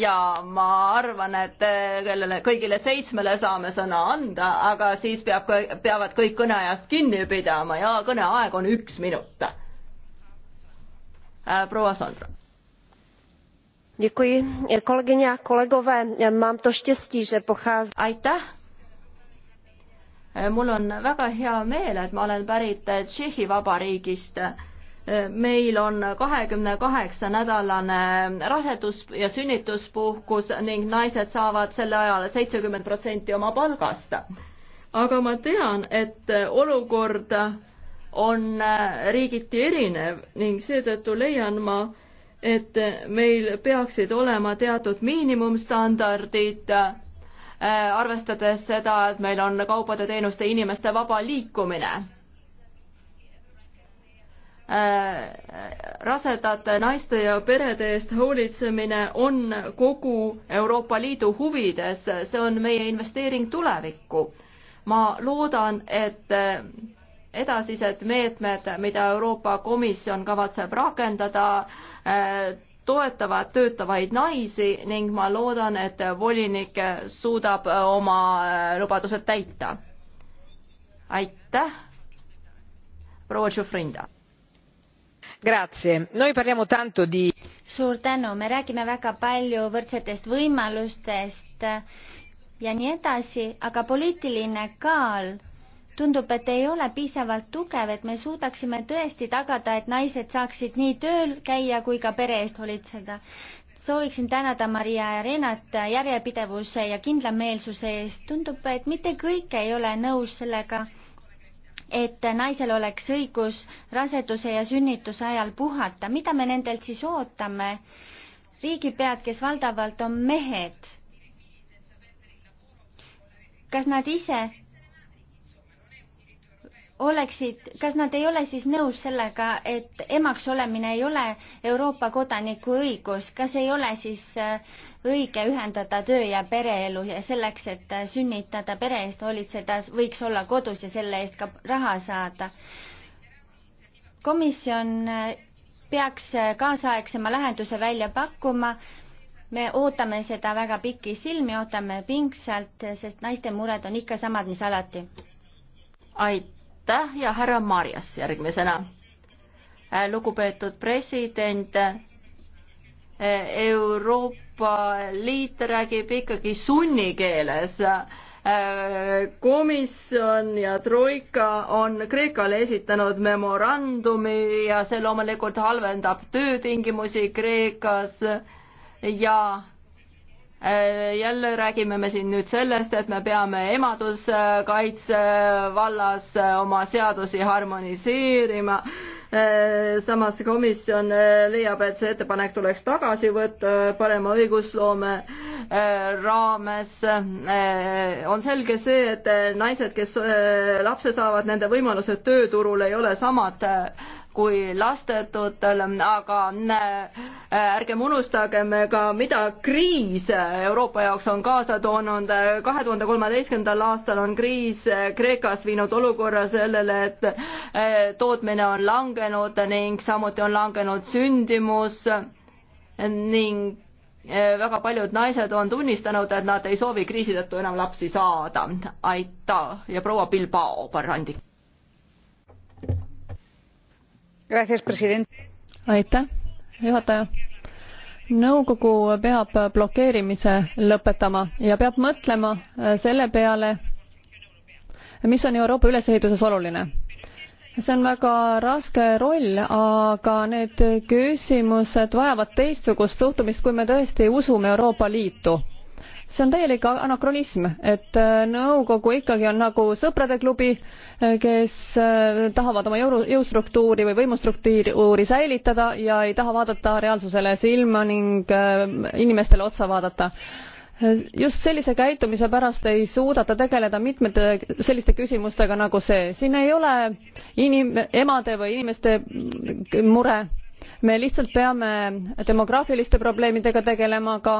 ja ma arvan, et kellele, kõigile seitsmele saame sõna anda, aga siis peab, peavad kõik kõneajast kinni pidama ja kõneaeg on üks minut Eh, proua Sandra eh, kolegyně a kolegové eh, mám to štěstí že pocházím. aitäh mul on väga hea meel et ma olen pärit tšehhi vabariigist meil on kahekümne kaheksa nädalane rasedus ja sünnituspuhkus ning naised saavad selle ajal seitsekümmend protsenti oma palgast aga ma tean et olukord on äh, riigiti erinev ning seetõttu leian ma, et meil peaksid olema teatud miinimumstandardid, äh, arvestades seda, et meil on kaubade, teenuste, inimeste vaba liikumine äh, rasedate naiste ja perede eest hoolitsemine on kogu Euroopa Liidu huvides, see on meie investeering tulevikku. ma loodan, et edasised meetmed, mida Euroopa Komisjon kavatseb rakendada, äh, toetavad töötavaid naisi ning ma loodan, et volinik suudab äh, oma äh, lubadused täita. aitäh, proua Tšufrinda. Grazie, noi parliamo tanto di suur tänu, me räägime väga palju võrdsetest võimalustest ja nii edasi, aga poliitiline kaal tundub, et ei ole piisavalt tugev, et me suudaksime tõesti tagada, et naised saaksid nii tööl käia kui ka pere eest hoolitseda. sooviksin tänada Maria ja Renat järjepidevuse ja kindlameelsuse eest. tundub, et mitte kõik ei ole nõus sellega, et naisel oleks õigus raseduse ja sünnituse ajal puhata. mida me nendelt siis ootame? riigipead, kes valdavalt on mehed, kas nad ise oleksid, kas nad ei ole siis nõus sellega, et emaks olemine ei ole Euroopa kodaniku õigus, kas ei ole siis äh, õige ühendada töö ja pereelu ja selleks, et äh, sünnitada, pere eest hoolitseda, võiks olla kodus ja selle eest ka raha saada? komisjon äh, peaks kaasaegsema lahenduse välja pakkuma. me ootame seda väga pikisilmi, ootame pingsalt, sest naiste mured on ikka samad, mis alati. aitäh! aitäh ja härra Marjas järgmisena. Äh, lugupeetud president, äh, Euroopa Liit räägib ikkagi sunnikeeles äh, komisjon ja Troika on Kreekale esitanud memorandumi ja see loomulikult halvendab töötingimusi Kreekas ja Äh, jälle räägime me siin nüüd sellest, et me peame emaduskaitse vallas äh, oma seadusi harmoniseerima. Äh, samas komisjon leiab, et see ettepanek tuleks tagasi võtta parema õigusloome raames. on selge see, et naised, kes lapse saavad, nende võimalused tööturul ei ole samad kui lastetutel, aga äh, ärgem unustagem ka, mida kriis Euroopa jaoks on kaasa toonud. kahe tuhande kolmeteistkümnendal aastal on kriis Kreekas viinud olukorra sellele, et äh, tootmine on langenud ning samuti on langenud sündimus ning äh, väga paljud naised on tunnistanud, et nad ei soovi kriisi tõttu enam lapsi saada. aitäh ja proua Bilbao, Barrandi aitäh, juhataja nõukogu peab blokeerimise lõpetama ja peab mõtlema äh, selle peale, mis on Euroopa ülesehituses oluline. see on väga raske roll, aga need küsimused vajavad teistsugust suhtumist, kui me tõesti usume Euroopa Liitu see on täielik anakronism, et äh, nõukogu ikkagi on nagu sõprade klubi, äh, kes äh, tahavad oma jõu, jõustruktuuri või võimustruktuuri säilitada ja ei taha vaadata reaalsusele silma ning inimestele otsa vaadata just sellise käitumise pärast ei suudeta tegeleda mitmete selliste küsimustega nagu see siin ei ole inim- emade või inimeste mure me lihtsalt peame demograafiliste probleemidega tegelema ka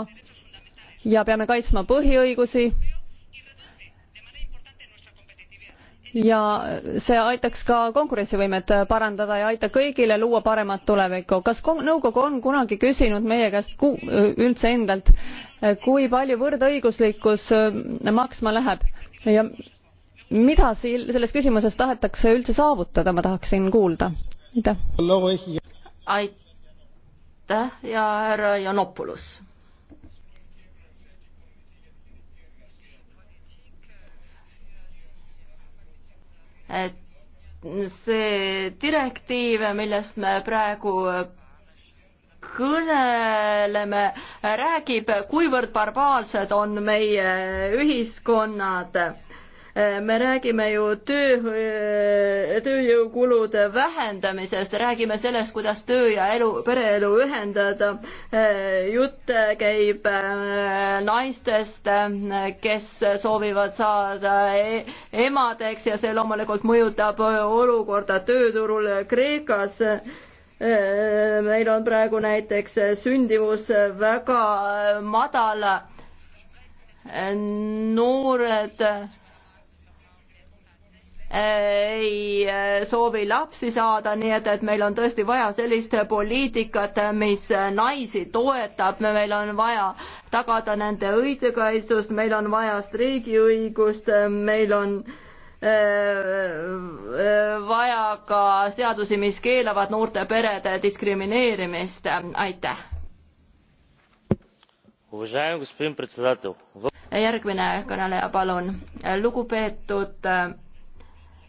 ja peame kaitsma põhiõigusi ja see aitaks ka konkurentsivõimet parandada ja aita kõigile luua paremat tulevikku. kas nõukogu on kunagi küsinud meie käest üldse endalt, kui palju võrdõiguslikkus äh, maksma läheb ja mida siin selles küsimuses tahetakse üldse saavutada, ma tahaksin kuulda. aitäh. aitäh ja härra Janopoulos see direktiiv, millest me praegu kõneleme, räägib, kuivõrd barbaarsed on meie ühiskonnad Äh, me räägime ju töö, äh, tööjõukulude vähendamisest, räägime sellest, kuidas töö ja elu, pereelu ühendada. Äh, jutt käib naistest, kes soovivad saada e-, emadeks ja see loomulikult mõjutab olukorda tööturul Kreekas meil on praegu näiteks sündivus väga madal, noored ei äh, soovi lapsi saada, nii et, et meil on tõesti vaja sellist poliitikat, mis naisi toetab, meil on vaja tagada nende õigekaitsust, meil on vaja streigiõigust, meil on äh, äh, vaja ka seadusi, mis keelavad noorte perede diskrimineerimist, aitäh. järgmine kõneleja, palun. lugupeetud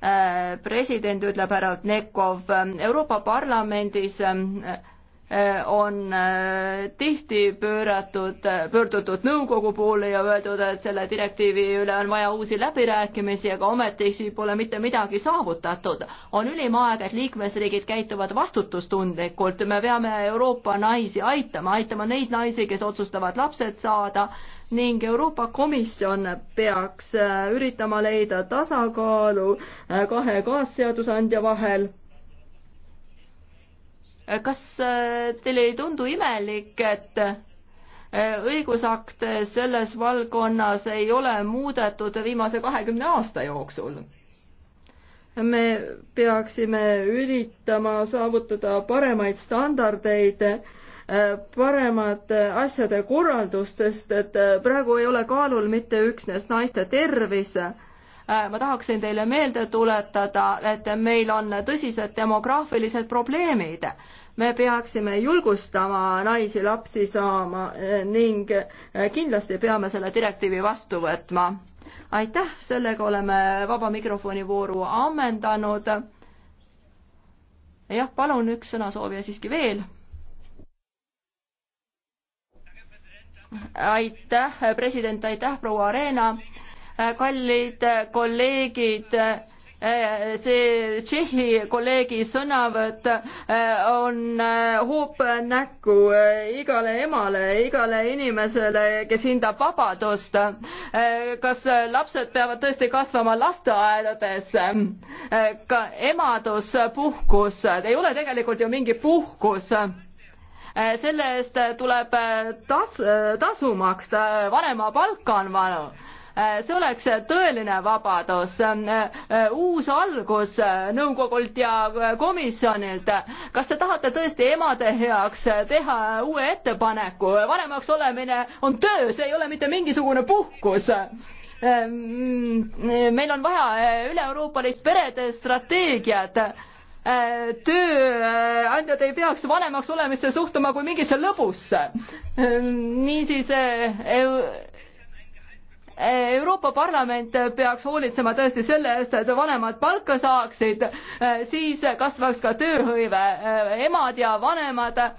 Äh, president ütleb härra Nekov äh, Euroopa Parlamendis äh, on äh, tihti pööratud, äh, pöördutud nõukogu poole ja öeldud, et selle direktiivi üle on vaja uusi läbirääkimisi, aga ometigi pole mitte midagi saavutatud. on ülim aeg, et liikmesriigid käituvad vastutustundlikult, me peame Euroopa naisi aitama, aitama neid naisi, kes otsustavad lapsed saada ning Euroopa Komisjon peaks äh, üritama leida tasakaalu kahe kaasseadusandja vahel kas äh, teile ei tundu imelik, et äh, õigusakte selles valdkonnas ei ole muudetud viimase kahekümne aasta jooksul? me peaksime üritama saavutada paremaid standardeid, äh, paremat asjade korraldust, sest et praegu ei ole kaalul mitte üksnes naiste tervis, Äh, ma tahaksin teile meelde tuletada, et meil on tõsised demograafilised probleemid. me peaksime julgustama naisi lapsi saama äh, ning äh, kindlasti peame selle direktiivi vastu võtma. aitäh, sellega oleme vaba mikrofoni vooru ammendanud. jah, palun üks sõnasoovija siiski veel aitäh, president, aitäh, proua Arena. Äh, kallid äh, kolleegid äh, see Tšehhi kolleegi sõnavõtt on hoop näkku igale emale, igale inimesele, kes hindab vabadust. kas lapsed peavad tõesti kasvama lasteaedades? ka emaduspuhkus ei ole tegelikult ju mingi puhkus selle eest tuleb tas-, tasu maksta, vanemapalka on vaja Äh, see oleks tõeline vabadus, äh, äh, uus algus nõukogult ja komisjonilt. kas te tahate tõesti emade heaks teha uue ettepaneku? vanemaks olemine on töö, see ei ole mitte mingisugune puhkus mm, meil on vaja üle-euroopalist perede strateegiat tööandjad ei peaks vanemaks olemisse suhtuma kui mingisse lõbusse. niisiis Euroopa Parlament peaks hoolitsema tõesti selle eest, et vanemad palka saaksid, siis kasvaks ka tööhõive, emad ja vanemad äh,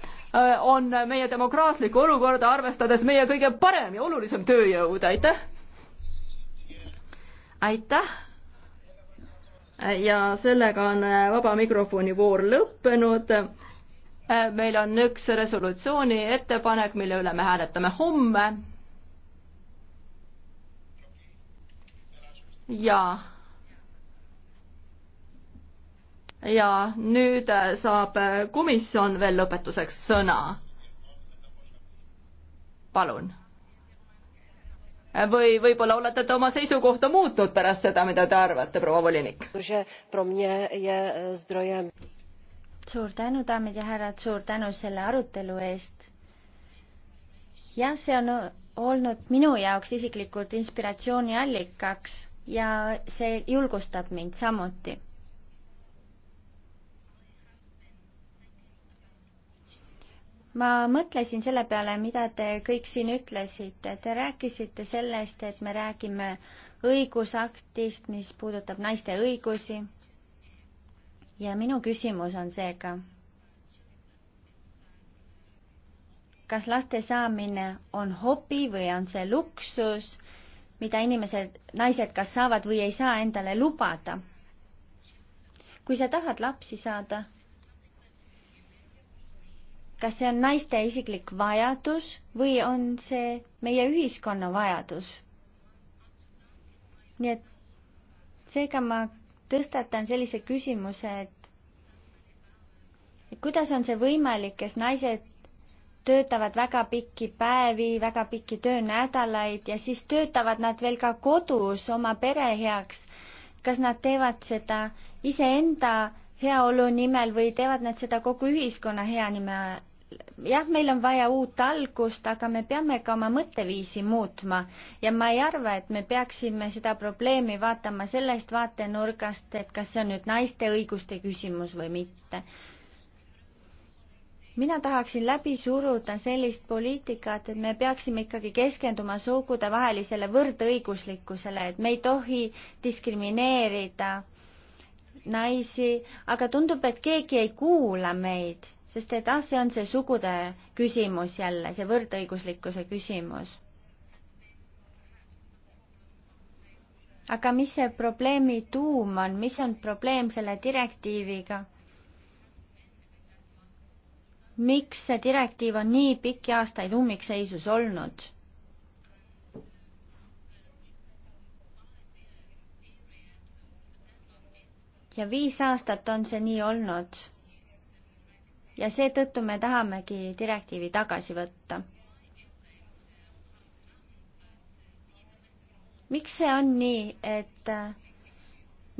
on meie demokraatlikku olukorda arvestades meie kõige parem ja olulisem tööjõud, aitäh! aitäh! ja sellega on äh, vaba mikrofoni voor lõppenud äh, meil on üks resolutsiooni ettepanek, mille üle me hääletame homme ja ja nüüd äh, saab äh, komisjon veel lõpetuseks sõna. palun. või võib-olla olete te oma seisukohta muutnud pärast seda, mida te arvate, proua volinik? E, suur tänu, daamid ja härrad, suur tänu selle arutelu eest. jah, see on olnud minu jaoks isiklikult inspiratsiooniallikaks ja see julgustab mind samuti. ma mõtlesin selle peale, mida te kõik siin ütlesite, te rääkisite sellest, et me räägime õigusaktist, mis puudutab naiste õigusi. ja minu küsimus on seega kas laste saamine on hobi või on see luksus mida inimesed, naised kas saavad või ei saa endale lubada. kui sa tahad lapsi saada, kas see on naiste isiklik vajadus või on see meie ühiskonna vajadus? nii et seega ma tõstatan sellise küsimuse, et kuidas on see võimalik, kes naised töötavad väga pikki päevi, väga pikki töönädalaid ja siis töötavad nad veel ka kodus oma pere heaks. kas nad teevad seda iseenda heaolu nimel või teevad nad seda kogu ühiskonna hea nime? jah, meil on vaja uut algust, aga me peame ka oma mõtteviisi muutma ja ma ei arva, et me peaksime seda probleemi vaatama sellest vaatenurgast, et kas see on nüüd naiste õiguste küsimus või mitte mina tahaksin läbi suruda sellist poliitikat, et me peaksime ikkagi keskenduma sugudevahelisele võrdõiguslikkusele, et me ei tohi diskrimineerida naisi, aga tundub, et keegi ei kuula meid, sest et ah, see on see sugude küsimus jälle, see võrdõiguslikkuse küsimus. aga mis see probleemi tuum on, mis on probleem selle direktiiviga? miks see direktiiv on nii pikki aastaid ummikseisus olnud? ja viis aastat on see nii olnud. ja seetõttu me tahamegi direktiivi tagasi võtta. miks see on nii, et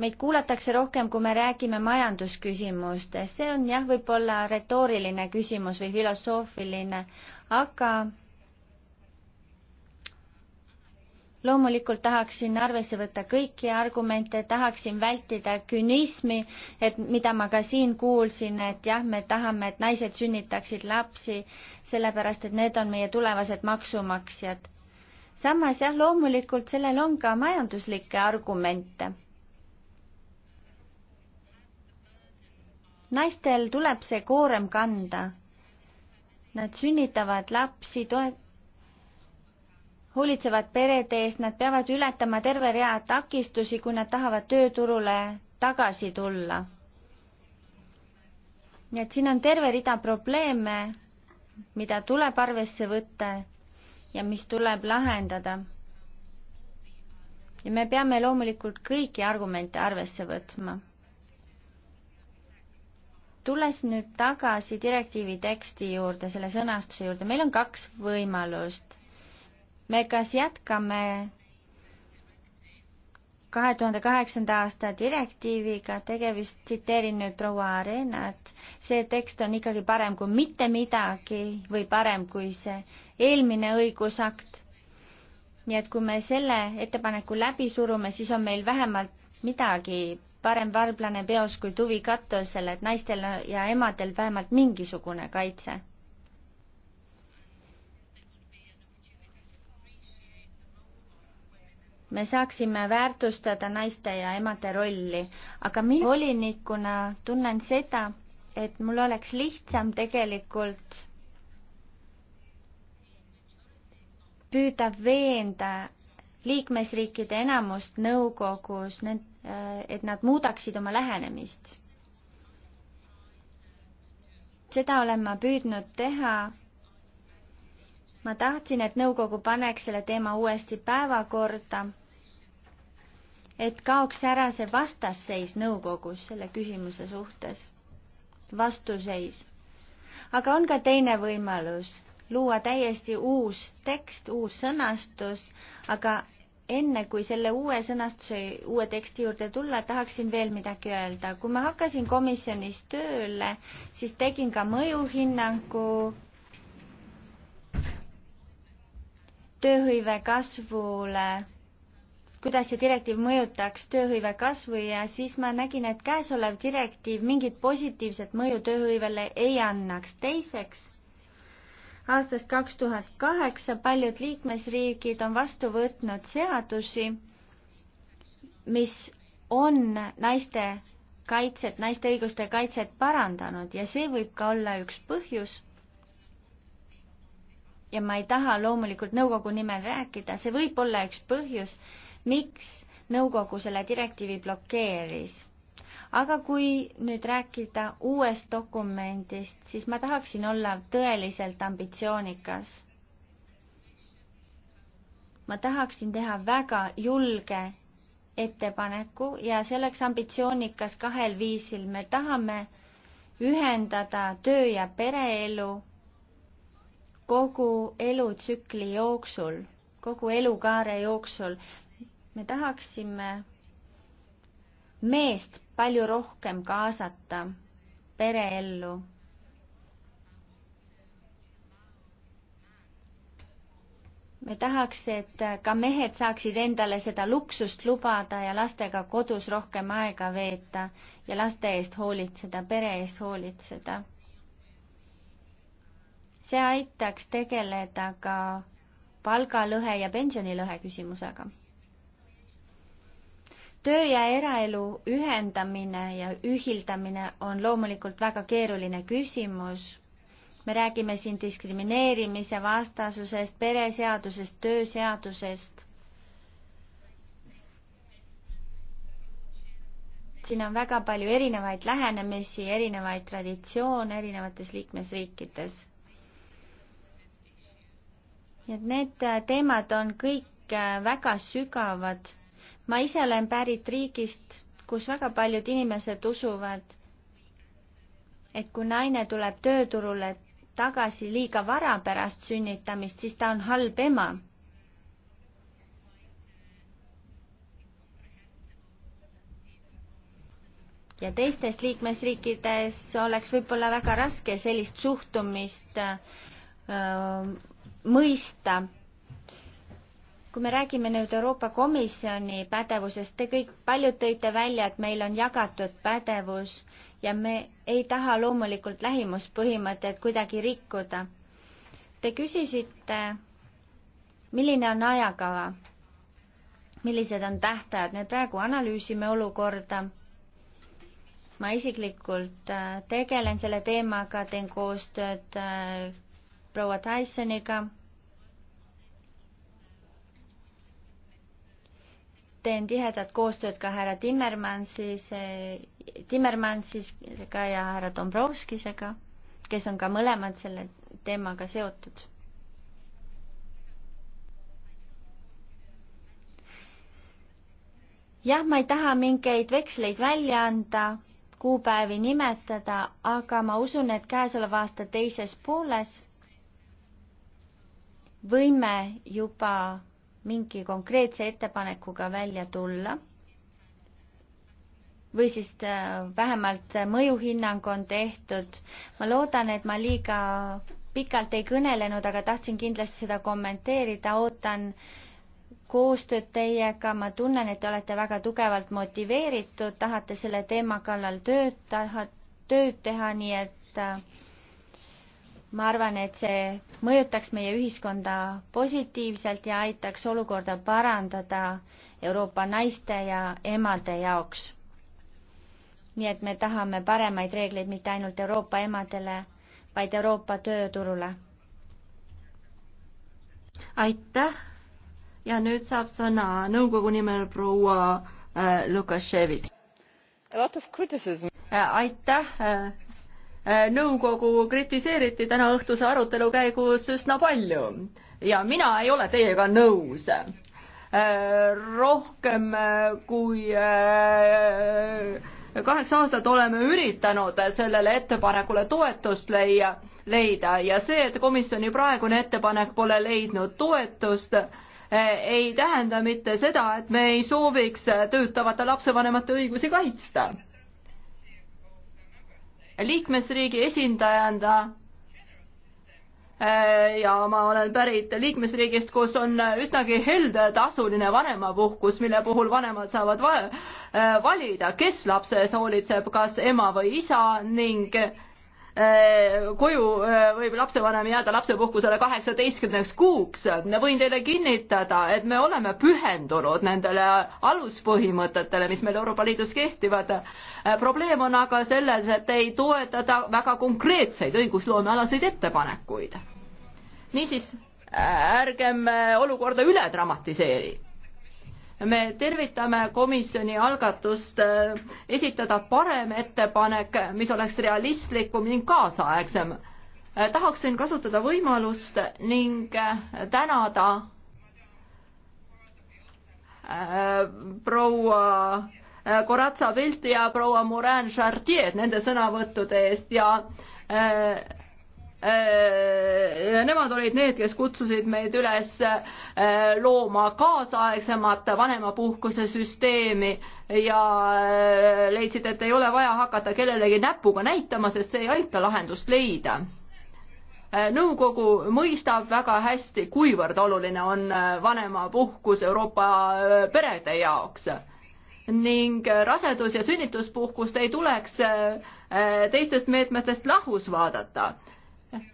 meid kuulatakse rohkem, kui me räägime majandusküsimustest, see on jah, võib-olla retooriline küsimus või filosoofiline, aga loomulikult tahaksin arvesse võtta kõiki argumente, tahaksin vältida künismi, et mida ma ka siin kuulsin, et jah, me tahame, et naised sünnitaksid lapsi, sellepärast et need on meie tulevased maksumaksjad. samas jah, loomulikult sellel on ka majanduslikke argumente naistel tuleb see koorem kanda. Nad sünnitavad lapsi, toe-, hoolitsevad perede eest, nad peavad ületama terve rea takistusi, kui nad tahavad tööturule tagasi tulla. nii et siin on terve rida probleeme, mida tuleb arvesse võtta ja mis tuleb lahendada. ja me peame loomulikult kõiki argumente arvesse võtma tulles nüüd tagasi direktiivi teksti juurde, selle sõnastuse juurde, meil on kaks võimalust. me kas jätkame kahe tuhande kaheksanda aasta direktiiviga, tegemist, tsiteerin nüüd proua Arenat, see tekst on ikkagi parem kui mitte midagi või parem kui see eelmine õigusakt. nii et kui me selle ettepaneku läbi surume, siis on meil vähemalt midagi parem varblane peos kui tuvi katusel, et naistel ja emadel vähemalt mingisugune kaitse. me saaksime väärtustada naiste ja emade rolli, aga mina volinikuna tunnen seda, et mul oleks lihtsam tegelikult püüda veenda liikmesriikide enamust nõukogus, äh, et nad muudaksid oma lähenemist. seda olen ma püüdnud teha. ma tahtsin, et nõukogu paneks selle teema uuesti päevakorda, et kaoks ära see vastasseis nõukogus selle küsimuse suhtes, vastuseis. aga on ka teine võimalus luua täiesti uus tekst, uus sõnastus, aga enne kui selle uue sõnastuse, uue teksti juurde tulla, tahaksin veel midagi öelda. kui ma hakkasin komisjonis tööle, siis tegin ka mõjuhinnangu tööhõive kasvule, kuidas see direktiiv mõjutaks tööhõive kasvu ja siis ma nägin, et käesolev direktiiv mingit positiivset mõju tööhõivele ei annaks. teiseks aastast kaks tuhat kaheksa paljud liikmesriigid on vastu võtnud seadusi, mis on naiste kaitset, naiste õiguste kaitset parandanud ja see võib ka olla üks põhjus. ja ma ei taha loomulikult nõukogu nimel rääkida, see võib olla üks põhjus, miks nõukogu selle direktiivi blokeeris aga kui nüüd rääkida uuest dokumendist, siis ma tahaksin olla tõeliselt ambitsioonikas. ma tahaksin teha väga julge ettepaneku ja selleks ambitsioonikas kahel viisil me tahame ühendada töö ja pereelu kogu elutsükli jooksul, kogu elukaare jooksul. me tahaksime meest palju rohkem kaasata pereellu. me tahaks, et ka mehed saaksid endale seda luksust lubada ja lastega kodus rohkem aega veeta ja laste eest hoolitseda, pere eest hoolitseda. see aitaks tegeleda ka palgalõhe ja pensionilõhe küsimusega töö ja eraelu ühendamine ja ühildamine on loomulikult väga keeruline küsimus. me räägime siin diskrimineerimise vastasusest, pereseadusest, tööseadusest. siin on väga palju erinevaid lähenemisi, erinevaid traditsioone erinevates liikmesriikides. nii et need teemad on kõik väga sügavad ma ise olen pärit riigist, kus väga paljud inimesed usuvad, et kui naine tuleb tööturule tagasi liiga vara pärast sünnitamist, siis ta on halb ema. ja teistes liikmesriikides oleks võib-olla väga raske sellist suhtumist öö, äh, mõista kui me räägime nüüd Euroopa Komisjoni pädevusest, te kõik, paljud tõite välja, et meil on jagatud pädevus ja me ei taha loomulikult lähimuspõhimõtet kuidagi rikkuda. Te küsisite, milline on ajakava, millised on tähtajad, me praegu analüüsime olukorda. ma isiklikult äh, tegelen selle teemaga, teen koostööd äh, proua Tysoniga teen tihedat koostööd ka härra Timmermansis, Timmermansisega ja härra Dombrovskisega, kes on ka mõlemad selle teemaga seotud. jah, ma ei taha mingeid veksleid välja anda, kuupäevi nimetada, aga ma usun, et käesoleva aasta teises pooles võime juba mingi konkreetse ettepanekuga välja tulla või siis äh, vähemalt mõjuhinnang on tehtud. ma loodan, et ma liiga pikalt ei kõnelenud, aga tahtsin kindlasti seda kommenteerida, ootan koostööd teiega, ma tunnen, et te olete väga tugevalt motiveeritud, tahate selle teema kallal tööd, tahate tööd teha, nii et äh, ma arvan, et see mõjutaks meie ühiskonda positiivselt ja aitaks olukorda parandada Euroopa naiste ja emade jaoks. nii et me tahame paremaid reegleid mitte ainult Euroopa emadele, vaid Euroopa tööturule. aitäh ja nüüd saab sõna nõukogu nimel proua äh, Lukaševitš. Äh, aitäh äh, Äh, nõukogu kritiseeriti täna õhtuse arutelu käigus üsna palju ja mina ei ole teiega nõus äh, rohkem äh, kui kaheksa aastat oleme üritanud sellele ettepanekule toetust leia, leida ja see, et komisjoni praegune ettepanek pole leidnud toetust, ei tähenda mitte seda, et me ei sooviks töötavate lapsevanemate õigusi kaitsta liikmesriigi esindajana äh, ja ma olen pärit liikmesriigist, kus on üsnagi helde tasuline vanemapuhkus, mille puhul vanemad saavad äh, valida, kes lapse eest hoolitseb, kas ema või isa ning äh, Äh, koju äh, võib lapsevanem jääda lapsepuhkusele kaheksateistkümneks kuuks. võin teile kinnitada, et me oleme pühendunud nendele aluspõhimõtetele, mis meil Euroopa Liidus kehtivad. Äh, probleem on aga selles, et ei toetada väga konkreetseid õigusloomealaseid ettepanekuid. niisiis, ärgem olukorda üle dramatiseeri me tervitame komisjoni algatust äh, esitada parem ettepanek, mis oleks realistlikum ning kaasaegsem. Äh, tahaksin kasutada võimalust ning äh, tänada proua Corazza Vilti ja proua Morin Chartier nende sõnavõttude eest ja Nemad olid need, kes kutsusid meid üles äh, looma kaasaegsemat vanemapuhkuse süsteemi ja äh, leidsid, et ei ole vaja hakata kellelegi näpuga näitama, sest see ei aita lahendust leida äh, nõukogu mõistab väga hästi, kuivõrd oluline on vanemapuhkus Euroopa perede jaoks ning rasedus- ja sünnituspuhkust ei tuleks teistest meetmetest lahus vaadata.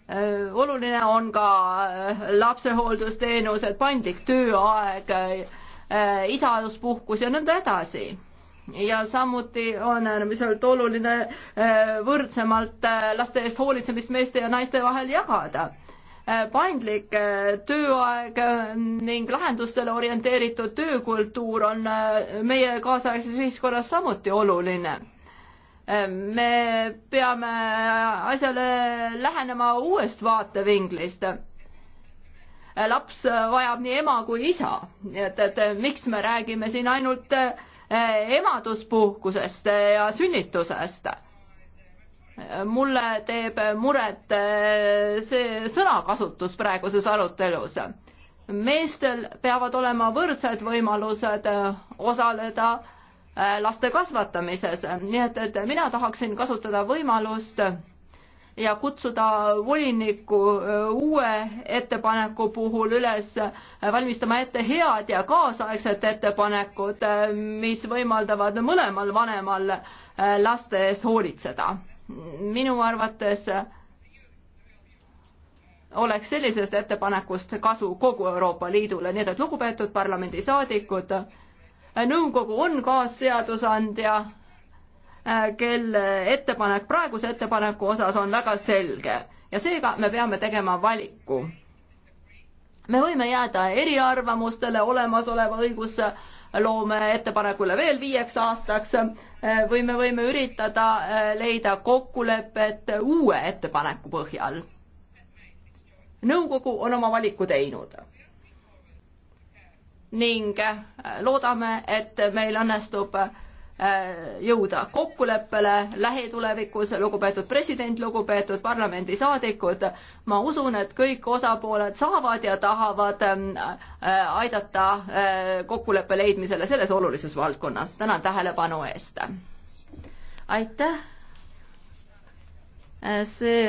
Äh, oluline on ka äh, lapsehooldusteenused, paindlik tööaeg, äh, isaduspuhkus ja nõnda edasi. ja samuti on äärmiselt oluline võrdsemalt laste eest hoolitsemist meeste ja naiste vahel jagada paindlik tööaeg ning lahendustele orienteeritud töökultuur on meie kaasaegses ühiskonnas samuti oluline Ehm, me peame asjale lähenema uuest vaatevinklist. Eh, laps vajab nii ema kui isa, nii et, et miks me räägime siin ainult eh, emaduspuhkusest ja sünnitusest? Eh, mulle teeb muret see sõnakasutus praeguses arutelus. meestel peavad olema võrdsed võimalused osaleda Äh, laste kasvatamises, nii et, et mina tahaksin kasutada võimalust ja kutsuda volinikku äh, uue ettepaneku puhul üles äh, valmistama ette head ja kaasaegset ettepanekut, mis võimaldavad mõlemal vanemal laste eest hoolitseda. minu arvates oleks sellisest ettepanekust kasu kogu Euroopa Liidule, nii et, et lugupeetud parlamendisaadikud, nõukogu on kaasseadusandja, äh, kelle ettepanek praeguse ettepaneku osas on väga selge ja seega me peame tegema valiku. me võime jääda eriarvamustele olemasoleva õigusloome ettepanekule veel viieks aastaks äh, või me võime üritada äh, leida kokkulepet uue ettepaneku põhjal. nõukogu on oma valiku teinud ning äh, loodame, et meil õnnestub äh, jõuda kokkuleppele lähitulevikus, lugupeetud president, lugupeetud parlamendisaadikud. ma usun, et kõik osapooled saavad ja tahavad ähm, äh, aidata kokkuleppe leidmisele selles olulises valdkonnas. tänan tähelepanu eest. aitäh. see